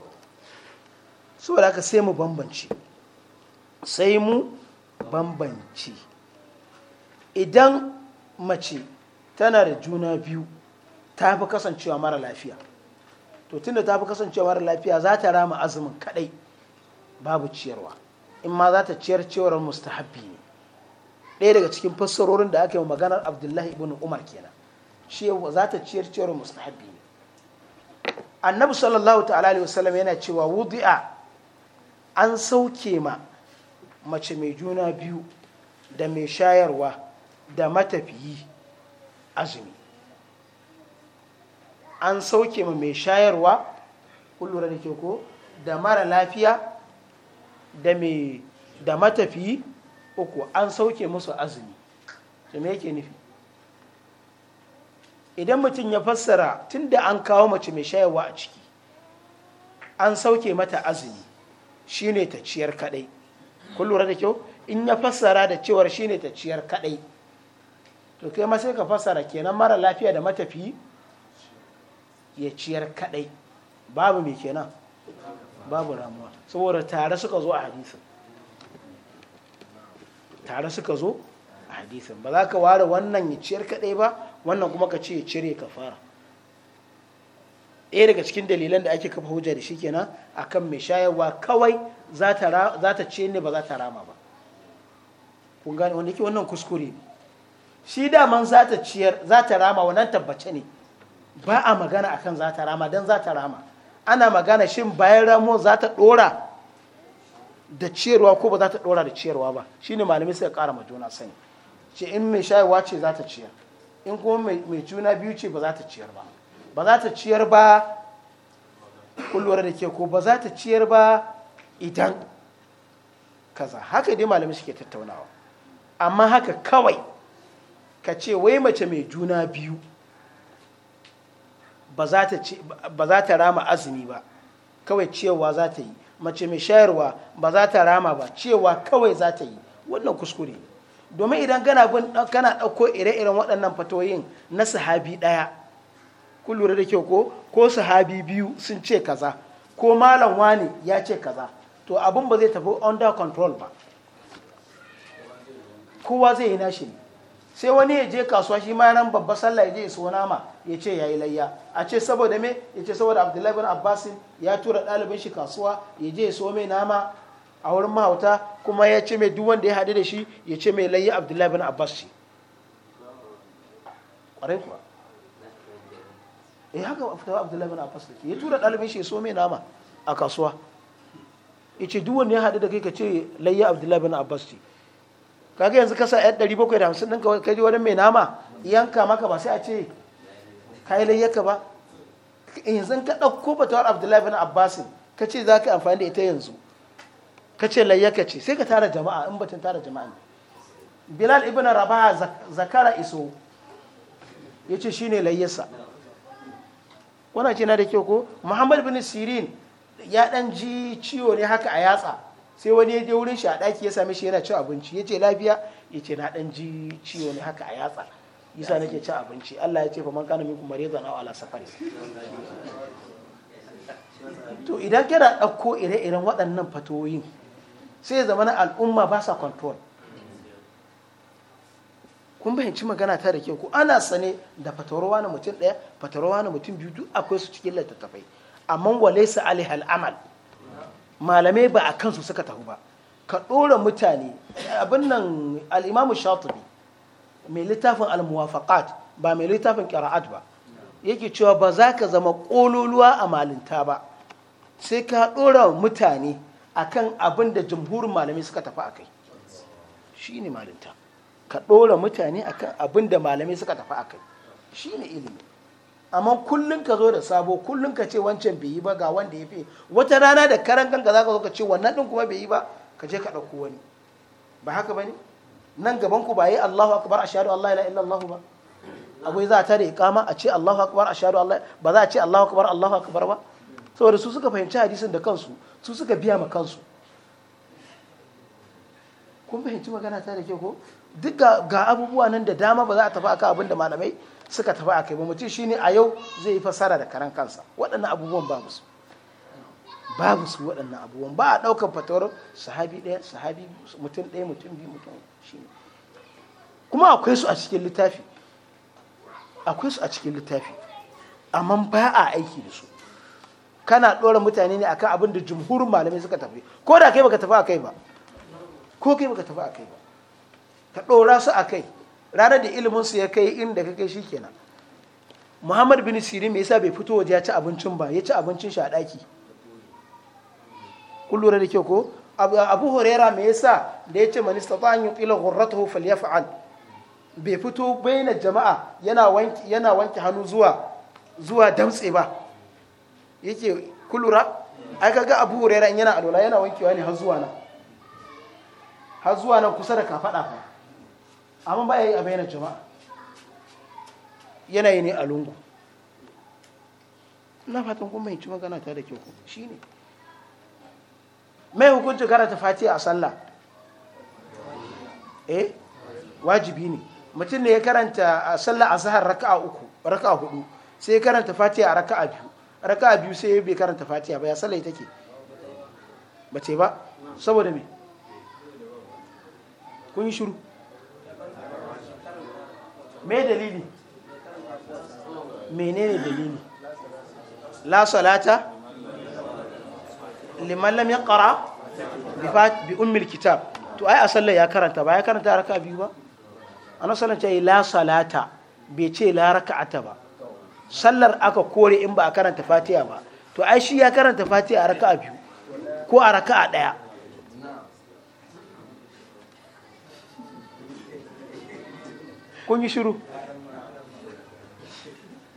saboda haka sai mu bambance sai mu bambance idan mace tana da juna biyu ta fi kasancewa mara lafiya to tunda ta fi kasancewa mara lafiya za ta rama azumin kadai babu ciyarwa in ma za ta ciyar cewar mustahabbi ne ɗaya daga cikin fassarorin da aka yi maganar abdullahi ibn umar kenan shi za ta ciyar cewar mustahabbi ne annabi sallallahu ta'ala alaihi wasallam yana cewa wudi'a an sauke ma mace mai juna biyu da mai shayarwa da matafiyi azumi an sauke ma mai shayarwa kullura da ke ko da mara lafiya da mai da matafi uku an sauke musu azumi da me yake nufi idan mutum ya fassara tunda an kawo mace mai shayarwa a ciki an sauke mata azumi shine ta ciyar kadai Kullum da kyau in ya fassara da cewar shine ta ciyar kadai to kai ma sai ka fassara kenan mara lafiya da matafi ya ciyar kadai babu mai kenan babu ramuwa saboda tare suka zo a hadisin tare suka zo a hadisin ba za ka ware wannan ya ciyar kadai ba wannan kuma ka ce ya cire fara ɗaya daga cikin dalilan da ake kafa hujja da shi kenan akan mai shayarwa kawai za ta ce ne ba za ta rama ba kun gane wanda yake wannan kuskure ne shi daman za ta ciyar za ta rama wannan tabbace ne ba a magana akan za ta rama don za ta rama ana magana shin bayan ramo za ta ɗora da ciyarwa ko ba za ta ɗora da ciyarwa ba shine malamai suka kara ma juna sani ce in mai shayarwa ce za ta ciyar in kuma mai juna biyu ce ba za ta ciyar ba ba za ta ciyar ba kullum da ke ko ba za ta ciyar ba idan kaza haka dai malamai suke tattaunawa amma haka kawai ka ce wai mace mai juna biyu ba za ta rama azumi ba kawai cewa za ta yi mace mai shayarwa ba za ta rama ba cewa kawai za ta yi wannan kuskure domin idan kana ɗauko ire-iren waɗannan fatoyin na sahabi ɗaya kun da kyau ko ko sahabi biyu sun ce kaza ko malam wani ya ce kaza to abin ba zai tafi under control ba kowa zai yi nashi sai wani ya je kasuwa shi ma ran babba sallah ya je iso nama ya ce ya yi layya a ce saboda me ya ce saboda abdullahi bin abbasin ya tura ɗalibin shi kasuwa ya je ya so mai nama a wurin mahauta kuma ya ce mai duk wanda ya haɗu da shi ya ce mai layya abdullahi bin abbas shi ƙwarai kuwa ya eh, haka fitawa abdullahi bin abbas da ya tura ɗalibin shi ya so mai nama a kasuwa ya ce duk wanda ya haɗu da kai ka ce layya abdullahi bin abbas ce kaga yanzu kasa hamsin ɗin ka kai wani mai nama yanka maka ba sai a ce kailai layyaka ba yanzu ka ɗauko batawar abdullahi bin abbasin ka ce za ka amfani da ita yanzu ka ce layyaka ce sai ka tara jama'a in batun tara jama'a bilal ibn rabaha zakara iso ya ce shi ne layyasa wana ce na da kyau ko muhammad bin sirin ya ɗan ji ciwo ne haka a yatsa sai wani ya je wurin shi a ɗaki ya same shi yana cin abinci ya ce lafiya ya ce na ɗan ji ciwo ne haka a yatsa yasa nake ci abinci Allah ya ce fa man kana minkum maridan aw ala safari to idan kana ɗauko ire-iren waɗannan fatoyin sai zama na al'umma ba sa control kun bayanci magana ta da kyau ku ana sane da fatarowa na mutum ɗaya fatarowa na mutum biyu duk akwai su cikin littattafai amma wale su alihal amal malamai ba a kansu suka tafi ba ka ɗora mutane abin nan al'imamu shatubi mai littafin almuwafakat ba mai littafin qira'at ba yake cewa ba za ka zama kololuwa a malinta ba sai ka ɗora mutane a kan abin da jamhurin malami suka tafi a kai shi ne malinta ka ɗora mutane a kan abin da malami suka tafi a kai shi ne ilimi amma kullum ka zo da sabo kullum ka ce wancan bai yi ba ga wanda ya fi wata rana da karan kanka za ka zo ka ce wannan ɗin kuma bai yi ba ka je ka ɗauko wani ba haka ba ne nan gaban ku ba yi Allahu akbar ashhadu an la ilaha illallah ba akwai za ta tare iqama a ce Allahu akbar ashhadu Allah ba za a ce Allahu akbar Allahu akbar ba saboda su suka fahimci hadisin da kansu su suka biya ma kansu kun fahimci magana ta da ke ko duk ga abubuwa nan da dama ba za a tafi akan abin da malamai suka tafi akai ba mutum ne a yau zai yi fasara da karan kansa waɗannan abubuwan babu su babu su waɗannan abubuwan ba a ɗaukar fatawar sahabi ɗaya sahabi mutum ɗaya mutum biyu mutum shi kuma akwai su a cikin littafi akwai su a cikin littafi amma ba a aiki da su kana ɗora mutane ne akan abin da jumhurin malamai suka tafi ko da kai baka tafi a kai ba ko kai baka tafi a kai ba ka ɗora su a kai ranar da ilimin su ya kai inda ka kai shikenan muhammad bin sirin me yasa bai fito waje ya ci abincin ba ya ci abincin shi a ɗaki kun lura da kyau ko abu horera me yasa da ya ce man istata an yuqila ya fa'al bai fito na jama'a yana wanki yana wanki hannu zuwa zuwa damtse ba yake kulura ai kaga abu horera yana alola yana wankewa ne har zuwa nan har zuwa nan kusa da kafada fa amma ba yi a na jama'a yanayi ne a lungu na fatan kuma mai ci magana ta da kyau shine mai hukuncin karanta Fati a sallah eh wajibi ne mutum ne ya karanta a sallah zahar raka'a uku raka'a hudu sai ya karanta Fati a raka'a biyu raka'a biyu sai ya bai karanta fati ba ya sallah take ba ce ba saboda me kun yi shiru me dalili menene dalili la salata liman lam yaqra bi ummil kitab to ai a sallar ya karanta ba ya karanta raka biyu ba ana sallar ce la salata bai ce la raka'ata ba sallar aka kore in ba a karanta fatiha ba to ai shi ya karanta fatiha a raka'a biyu ko a raka'a daya kun yi shiru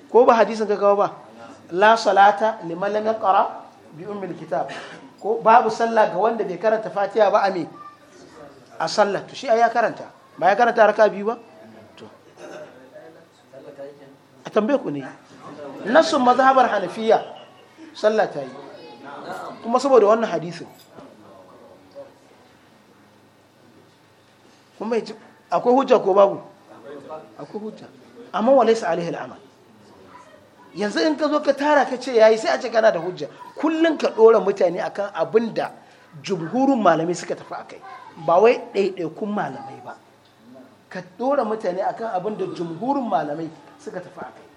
ko ba hadisin ka kawo ba la salata liman lam kara bi ummil kitab ko babu sallah ga wanda bai karanta fatiha ba a me a sallah to shi ya karanta ba ya karanta raka biyu ba to a tambaye ku ne nasun mazhabar hanafiya sallah ta yi kuma saboda wannan hadisin kuma akwai hujja ko babu akwai hujja amma walaisa alaihi al'amal yanzu in ka zo ka tara ka ce yayi sai a ce kana da hujja kullum ka ɗora mutane akan abin da jumhurin malamai suka tafi a kai ba wai ɗaiɗaikun malamai ba ka ɗora mutane akan abin da jumhurin malamai suka tafi a kai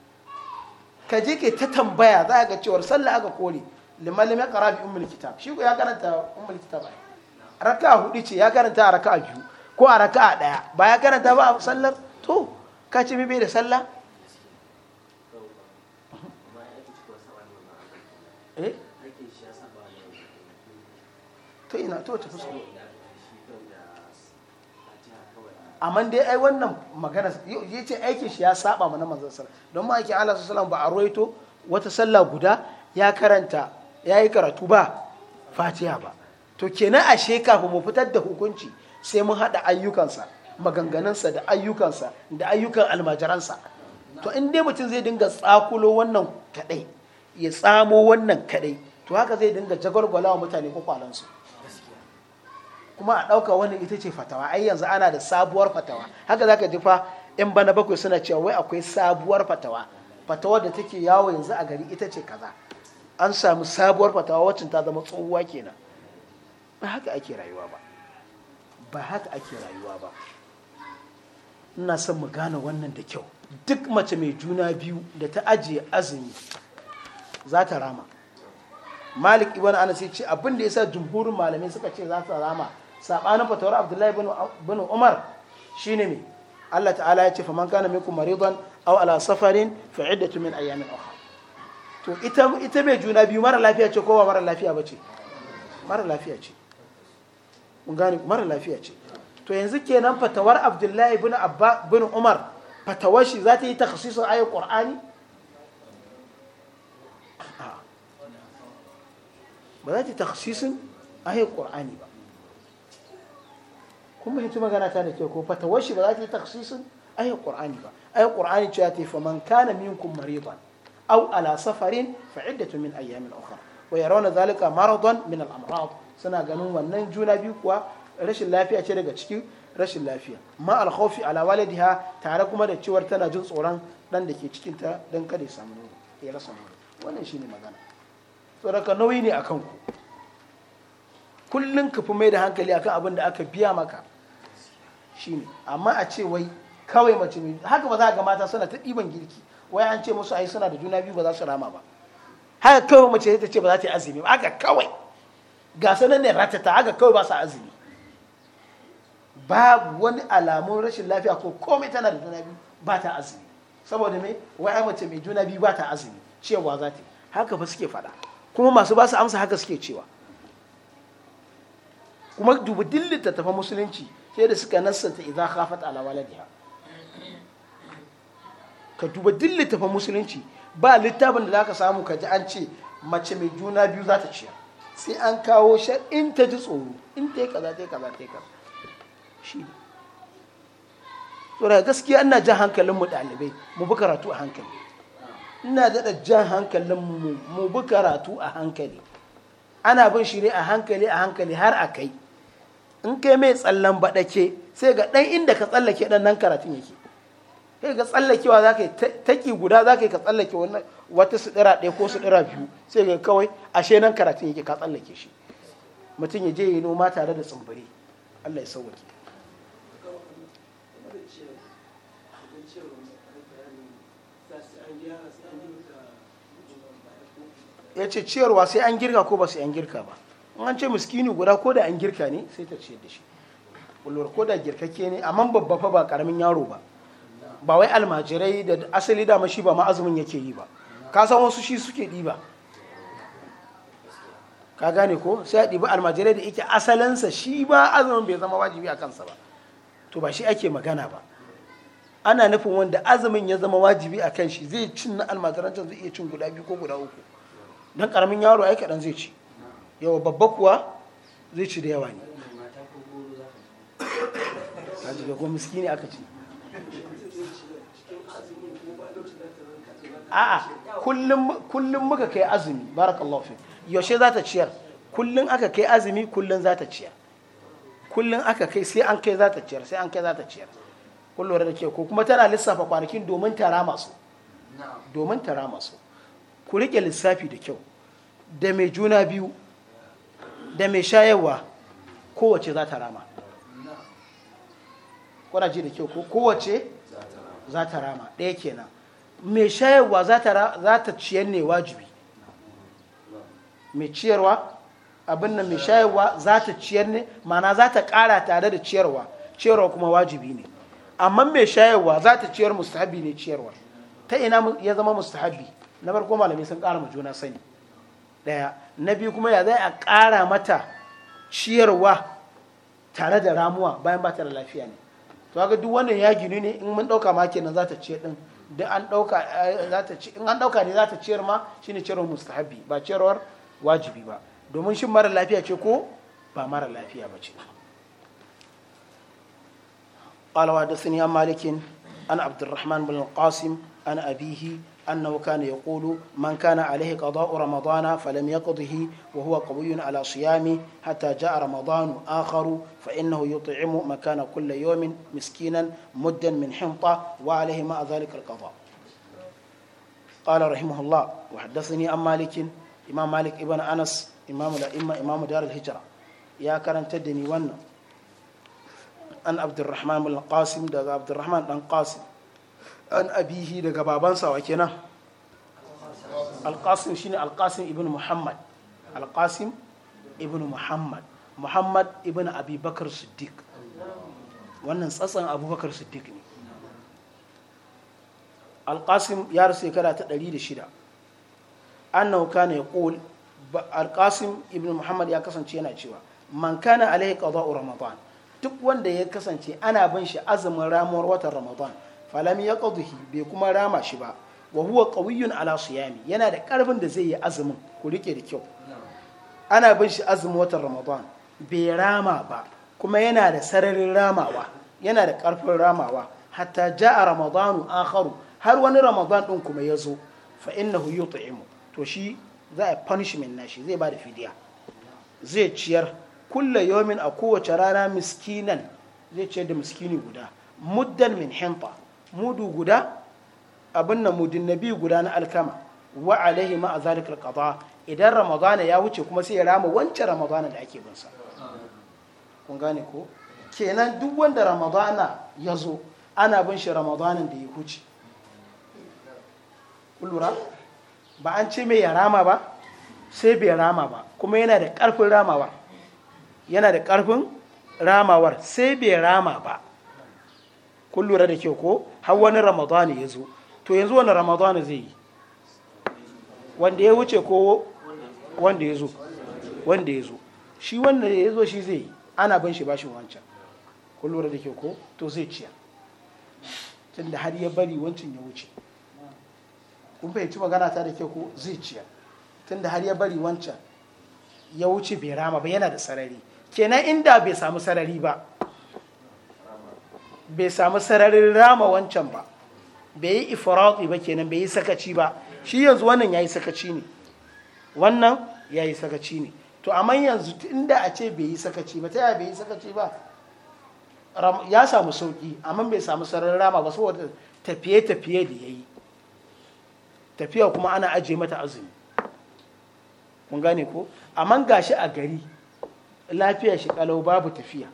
ka je ke ta tambaya za ga cewar sallah aka kore limalin ya karafi bi ummul kitab shi ya karanta ummul kitab raka hudu ce ya karanta a raka biyu ko a raka daya ba ya karanta ba a sallar to ka ce bai da sallah eh ta amma dai ai wannan magana ya ce aikin shi ya saba mana manzon don ma aikin Allah sallam ba a roito wata sallah guda ya karanta ya yi karatu ba fatiha ba to kenan ashe kafin mu fitar da hukunci sai mun haɗa ayyukansa maganganunsa da ayyukansa da ayyukan almajiransa to in dai mutum zai dinga tsakulo wannan kaɗai ya tsamo wannan kadai to haka zai dinga jagwalgwala wa mutane kwalansu kuma a ɗauka wannan ita ce fatawa ai yanzu ana da sabuwar fatawa haka zaka ji fa in bana bakwai suna cewa wai akwai sabuwar fatawa fatawar da take yawo yanzu a gari ita ce kaza an samu sabuwar fatawa wacce ta zama tsohuwa kenan ba haka ake rayuwa ba ba haka ake rayuwa ba ina son mu gane wannan da kyau duk mace mai juna biyu da ta ajiye azumi za ta rama malik ibn anas ya ce abin da yasa jumhurin malamai suka ce za ta rama sabanin fatawar abdullahi bin umar shine me Allah ta'ala ya ce fa man kana minkum maridan aw ala safarin fa iddatu min ayamin ukhra to ita ita mai juna biyu mara lafiya ce kowa mara lafiya bace mara lafiya ce mun gane mara lafiya ce to yanzu kenan fatawar abdullahi bin abba bin umar fatawar shi za ta yi takhsisin ayat qur'ani ba za ta yi taksisin ƙur'ani ba kuma hitu magana ta da ke ko fatawar washi ba za ta yi taksisin ƙur'ani ba ayar ƙur'ani cewa ta yi faman kana minkum maridan aw ala safarin fa iddatu min ayyamin ukhra wa yarawna zalika maradan min al amrad suna ganin wannan juna biyu kuwa rashin lafiya ce daga cikin rashin lafiya ma al khawfi ala waladiha tare kuma da cewar tana jin tsoron dan da ke cikin ta dan kada ya samu ya rasa wannan shine magana saraka nauyi ne a kanku kullum ka fi mai da hankali akan abin da aka biya maka shine amma a ce wai kawai mace mai haka ba za ga mata suna ta ɗiban girki wai an ce musu ai suna da juna biyu ba za su rama ba haka kawai mace ta ce ba za ta yi azumi ba haka kawai ga sanan ne ratata haka kawai ba su azumi babu wani alamun rashin lafiya ko komai tana da juna biyu ba ta azumi saboda me wai mace mai juna biyu ba ta azumi cewa za ta haka ba suke faɗa kuma masu ba su amsa haka suke cewa kuma dubu ta tafa musulunci sai da suka nassanta idan khafat ala ya ka duba ta tafa musulunci ba littafin da za ka samu ka ji an ce mace mai juna biyu za ta ciya sai an kawo shan in ta ji tsoro in ta yi kaza ta yi kaza ta yi kaza shi ne to gaskiya ana jan hankalin mu ɗalibai mu bi karatu a hankali ina daɗa jan hankalin mu bi karatu a hankali ana bin shiri a hankali a hankali har a kai in kai mai tsallan baɗake sai ga ɗan inda ka tsallake ɗan nan karatun yake sai ga tsallakewa za ka taƙi guda za ka yi ka tsallake wata suɗira ɗaya ko suɗira biyu sai ga kawai ashe nan karatun yake ka tsallake shi mutum ya je yi noma tare da tsimbiri allah ya sauwake ya ce ciyarwa sai an girka ko ba sai an girka ba in an ce miskini guda ko da an girka ne sai ta ciyar da shi ko da girkakke ne amma babba fa ba karamin yaro ba ba wai almajirai da asali dama shi ba ma azumin yake yi ba ka san wasu shi suke ba ka gane ko sai a ɗiba almajirai da yake asalinsa shi ba azumin bai zama wajibi a kansa ba to ba shi ake magana ba ana nufin wanda azumin ya zama wajibi a kan shi zai cin na almajirancin zai iya cin guda biyu ko guda uku don karamin yaro ai kaɗan zai ci yawa babba kuwa zai ci da yawa ne ta ji ko miskini aka ci a'a kullum muka kai azumi barakallahu fi yaushe za ta ciyar kullum aka kai azumi kullum za ta ciyar kullum aka kai sai an kai za ta ciyar sai an kai za ta ciyar kullum da ke ko kuma tana lissafa kwanakin domin tara masu domin tara masu ku riƙe lissafi da kyau da mai juna biyu da mai shayarwa kowace za ta rama ji da kyau ko kowace za ta rama ɗaya kenan mai shayarwa za ta ciyar ne wajibi mai ciyarwa abin da mai shayarwa za ta ciyar ne mana za ta ƙara tare da ciyarwa ciyarwa kuma wajibi ne amma mai shayarwa za ta ciyar mustahabi ne ciyarwa ta ina ya zama mustahabi na farko malamai sun kara ma juna sani ɗaya na biyu kuma ya zai a ƙara mata ciyarwa tare da ramuwa bayan ba ta da lafiya ne to ga duk wannan ya ginu ne in mun ɗauka ma kenan za ta ce din. duk an ɗauka eh, za ta ce in an ɗauka ne za ta ciyar ma shine ciyarwar mustahabi ba ciyarwar wajibi ba domin shin mara lafiya ce ko ba mara lafiya ba ce قال وحدثني عن مالك عن عبد الرحمن بن القاسم عن أبيه أنه كان يقول من كان عليه قضاء رمضان فلم يقضه وهو قوي على صيامه حتى جاء رمضان آخر فإنه يطعم مكان كل يوم مسكينا مدا من حنطة وعليه مع ذلك القضاء قال رحمه الله وحدثني عن مالك إمام مالك ابن أنس إمام الأئمة إمام دار الهجرة يا كرن تدني ون أن عبد الرحمن بن القاسم عبد الرحمن بن قاسم an abihi daga babansa wa kenan alƙasim shine alƙasim ibn muhammad alƙasim ibn muhammad muhammad ibn abubakar siddiq wannan tsatsan abubakar siddiq ne alƙasim ya rasu shekara ta 106 annahu kana yaqul alƙasim ibn muhammad ya kasance yana cewa man kana alaihi qada'u ramadan duk wanda ya kasance ana bin shi azumin ramuwar watan ramadan falam ya bai kuma rama shi ba wa huwa qawiyyun ala siyami yana da karfin da zai yi azumin ku rike da kyau ana bin shi azumin watan ramadan bai rama ba kuma yana da sararin ramawa yana da karfin ramawa hatta ja'a ramadanu akharu har wani ramadan din kuma ya zo fa innahu yut'imu to shi za a punishment shi zai ba da fidiya zai ciyar kulla yomin a kowace rana miskinan zai ciyar da miskini guda muddan min hinta mudu guda abin na mudin nabi guda na alkama wa alaihi ma azalik kaza idan ramadana ya wuce kuma sai ya rama wancan ramadana da ake bin sa kun gane ko kenan duk wanda ramadana ya zo ana bin shi ramadanan da ya huce kulura ba an ce mai ya rama ba sai bai rama ba kuma yana da karfin ramawar yana da karfin ramawar sai bai rama ba kun lura da kyau ko har wani ramadana ya zo to yanzu wani ramadana zai yi wanda ya wuce ko wanda ya zo wanda ya zo shi wanda ya zo shi zai yi ana ban shi bashin wancan kun lura da kyau ko to zai ciya tunda har ya bari wancan ya wuce kun fahimci magana ta da kyau ko zai ciya tunda har ya bari wancan ya wuce bai rama ba yana da sarari kenan inda bai samu sarari ba bai samu sararin rama wancan ba bai yi ifirati ba kenan bai yi sakaci ba shi yanzu wannan ya yi sakaci ne wannan ya yi sakaci ne to amma yanzu inda a ce bai yi sakaci ba ta yaya bai yi sakaci ba ya samu sauki amma bai samu sararin rama ba saboda tafiye-tafiye da ya yi tafiya kuma ana ajiye mata azumi kun gane ko amma gashi a gari lafiya shi kalau babu tafiya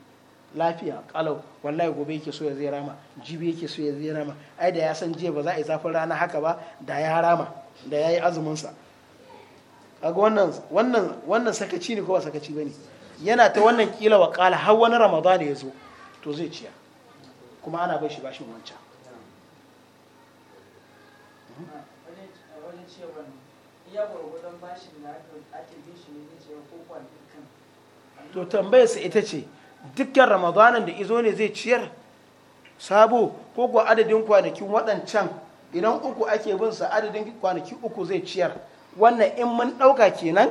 lafiya kalau wallahi gobe yake so ya zai rama jibi yake so ya zai rama ai da ya san jiya ba za a yi zafin rana haka ba da ya rama da ya yi azumin sa kaga wannan wannan wannan sakaci ne ko ba sakaci bane yana ta wannan kila wa kala har wani ramadan ya zo to zai ciya kuma ana bai shi bashin wancan to tambayarsa ita ce dukkan ramadanan da izo ne zai ciyar sabo ko kuwa adadin kwanaki waɗancan idan uku ake bin sa adadin kwanaki uku zai ciyar wannan in mun ɗauka kenan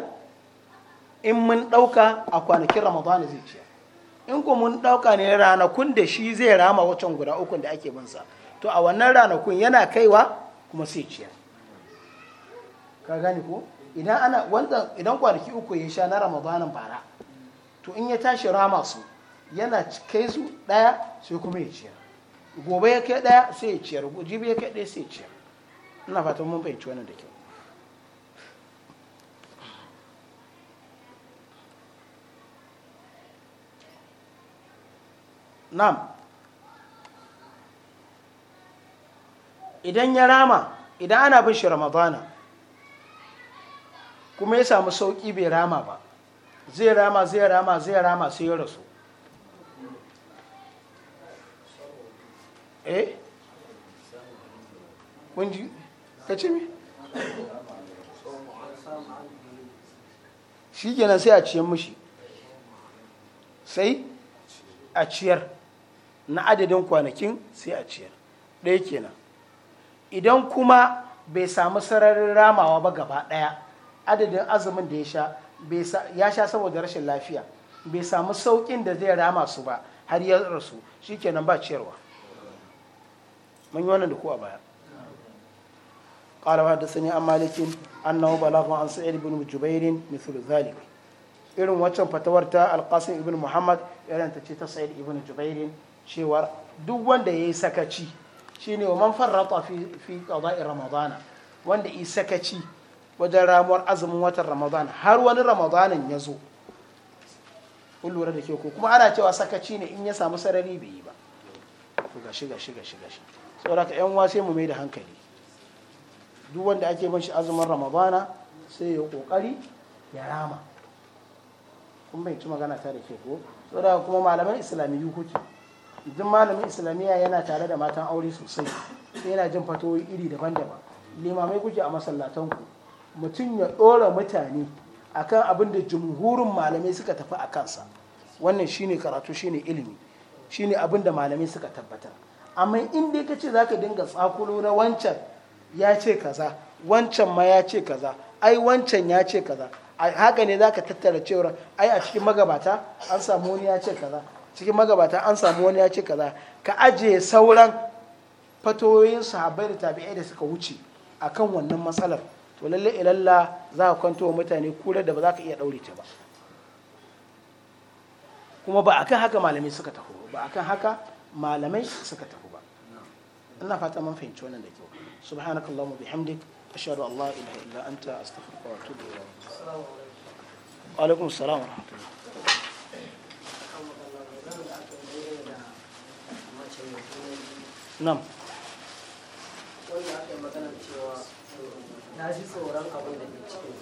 in mun ɗauka a kwanakin ramadana zai ciyar in ko mun ɗauka ne ranakun da shi zai rama wacan guda ukun da ake bin sa to a wannan ranakun yana kaiwa kuma sai ciyar ka gane ko idan ana wanda idan kwanaki uku ya sha na ramadana bara to in ya tashi rama su yana kai su ɗaya sai kuma ya ciyar gobe ya kai ɗaya sai ya ciyar jibi ya kai ɗaya sai ya ciyar ina fatan mun fahimci wannan da kyau nam idan ya rama idan ana bin shi ramadana kuma ya samu sauƙi bai rama ba zai rama zai rama zai rama sai ya rasu eh kunji ka ce mi? shi sai a ciyar mushi sai a ciyar na adadin kwanakin sai a ciyar ɗaya kenan idan kuma bai samu sararin ramawa ba gaba ɗaya adadin azumin da ya sha ya sha saboda rashin lafiya bai samu sauƙin da zai rama su ba har ya rasu shi shikenan ba ciyarwa mun yi wannan da ku a baya قال وحدثني an مالك انه بلغه عن سعيد بن irin wancan fatawar ta alkasin ibn muhammad irin ce ta sa'id ibn jubairin cewar duk wanda ya yi sakaci shine wa man farrata fi fi qada'i ramadana wanda yi sakaci wajen ramuwar azumin watan ramadan har wani ramadanin ya zo kun lura da ke ko kuma ana cewa sakaci ne in ya samu sarari bai yi ba saboda yan uwa sai mu mai da hankali duk wanda ake ban azumin ramadana sai ya kokari ya rama kun bai ci magana ta da ke ko saboda kuma malaman islamiyyu kuke idan malamin islamiyya yana tare da matan aure sosai yana jin fatoyi iri daban-daban limamai kuke a masallatanku mutum ya ɗora mutane akan abin da jumhurin malamai suka tafi a kansa wannan shine karatu shine ilimi shine abin da malamai suka tabbatar amma in dai ka ce za ka dinga tsakulo na wancan ya ce kaza wancan ma ya ce kaza ai wancan ya ce kaza haka ne za ka tattara cewar ai a cikin magabata an samu wani ya ce kaza cikin magabata an samu wani ya ce kaza ka ajiye sauran fatoyin sahabbai da tabi'ai da suka wuce akan wannan matsalar to lalle ilalla za ka kwanto wa mutane kura da ba za ka iya ɗaure ta ba kuma ba akan haka malamai suka taho ba akan haka malamai suka tafi ba ina fata mun fahimci wannan da kyau subhanakallahumma bihamdik ashhadu an la ilaha illa anta astaghfiruka wa atubu ilayk wa alaikum wa Nam. Wanda na ji tsoron abin da ke cikin.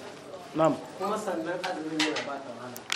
Nam. Kuma sannan azumin yana ba ta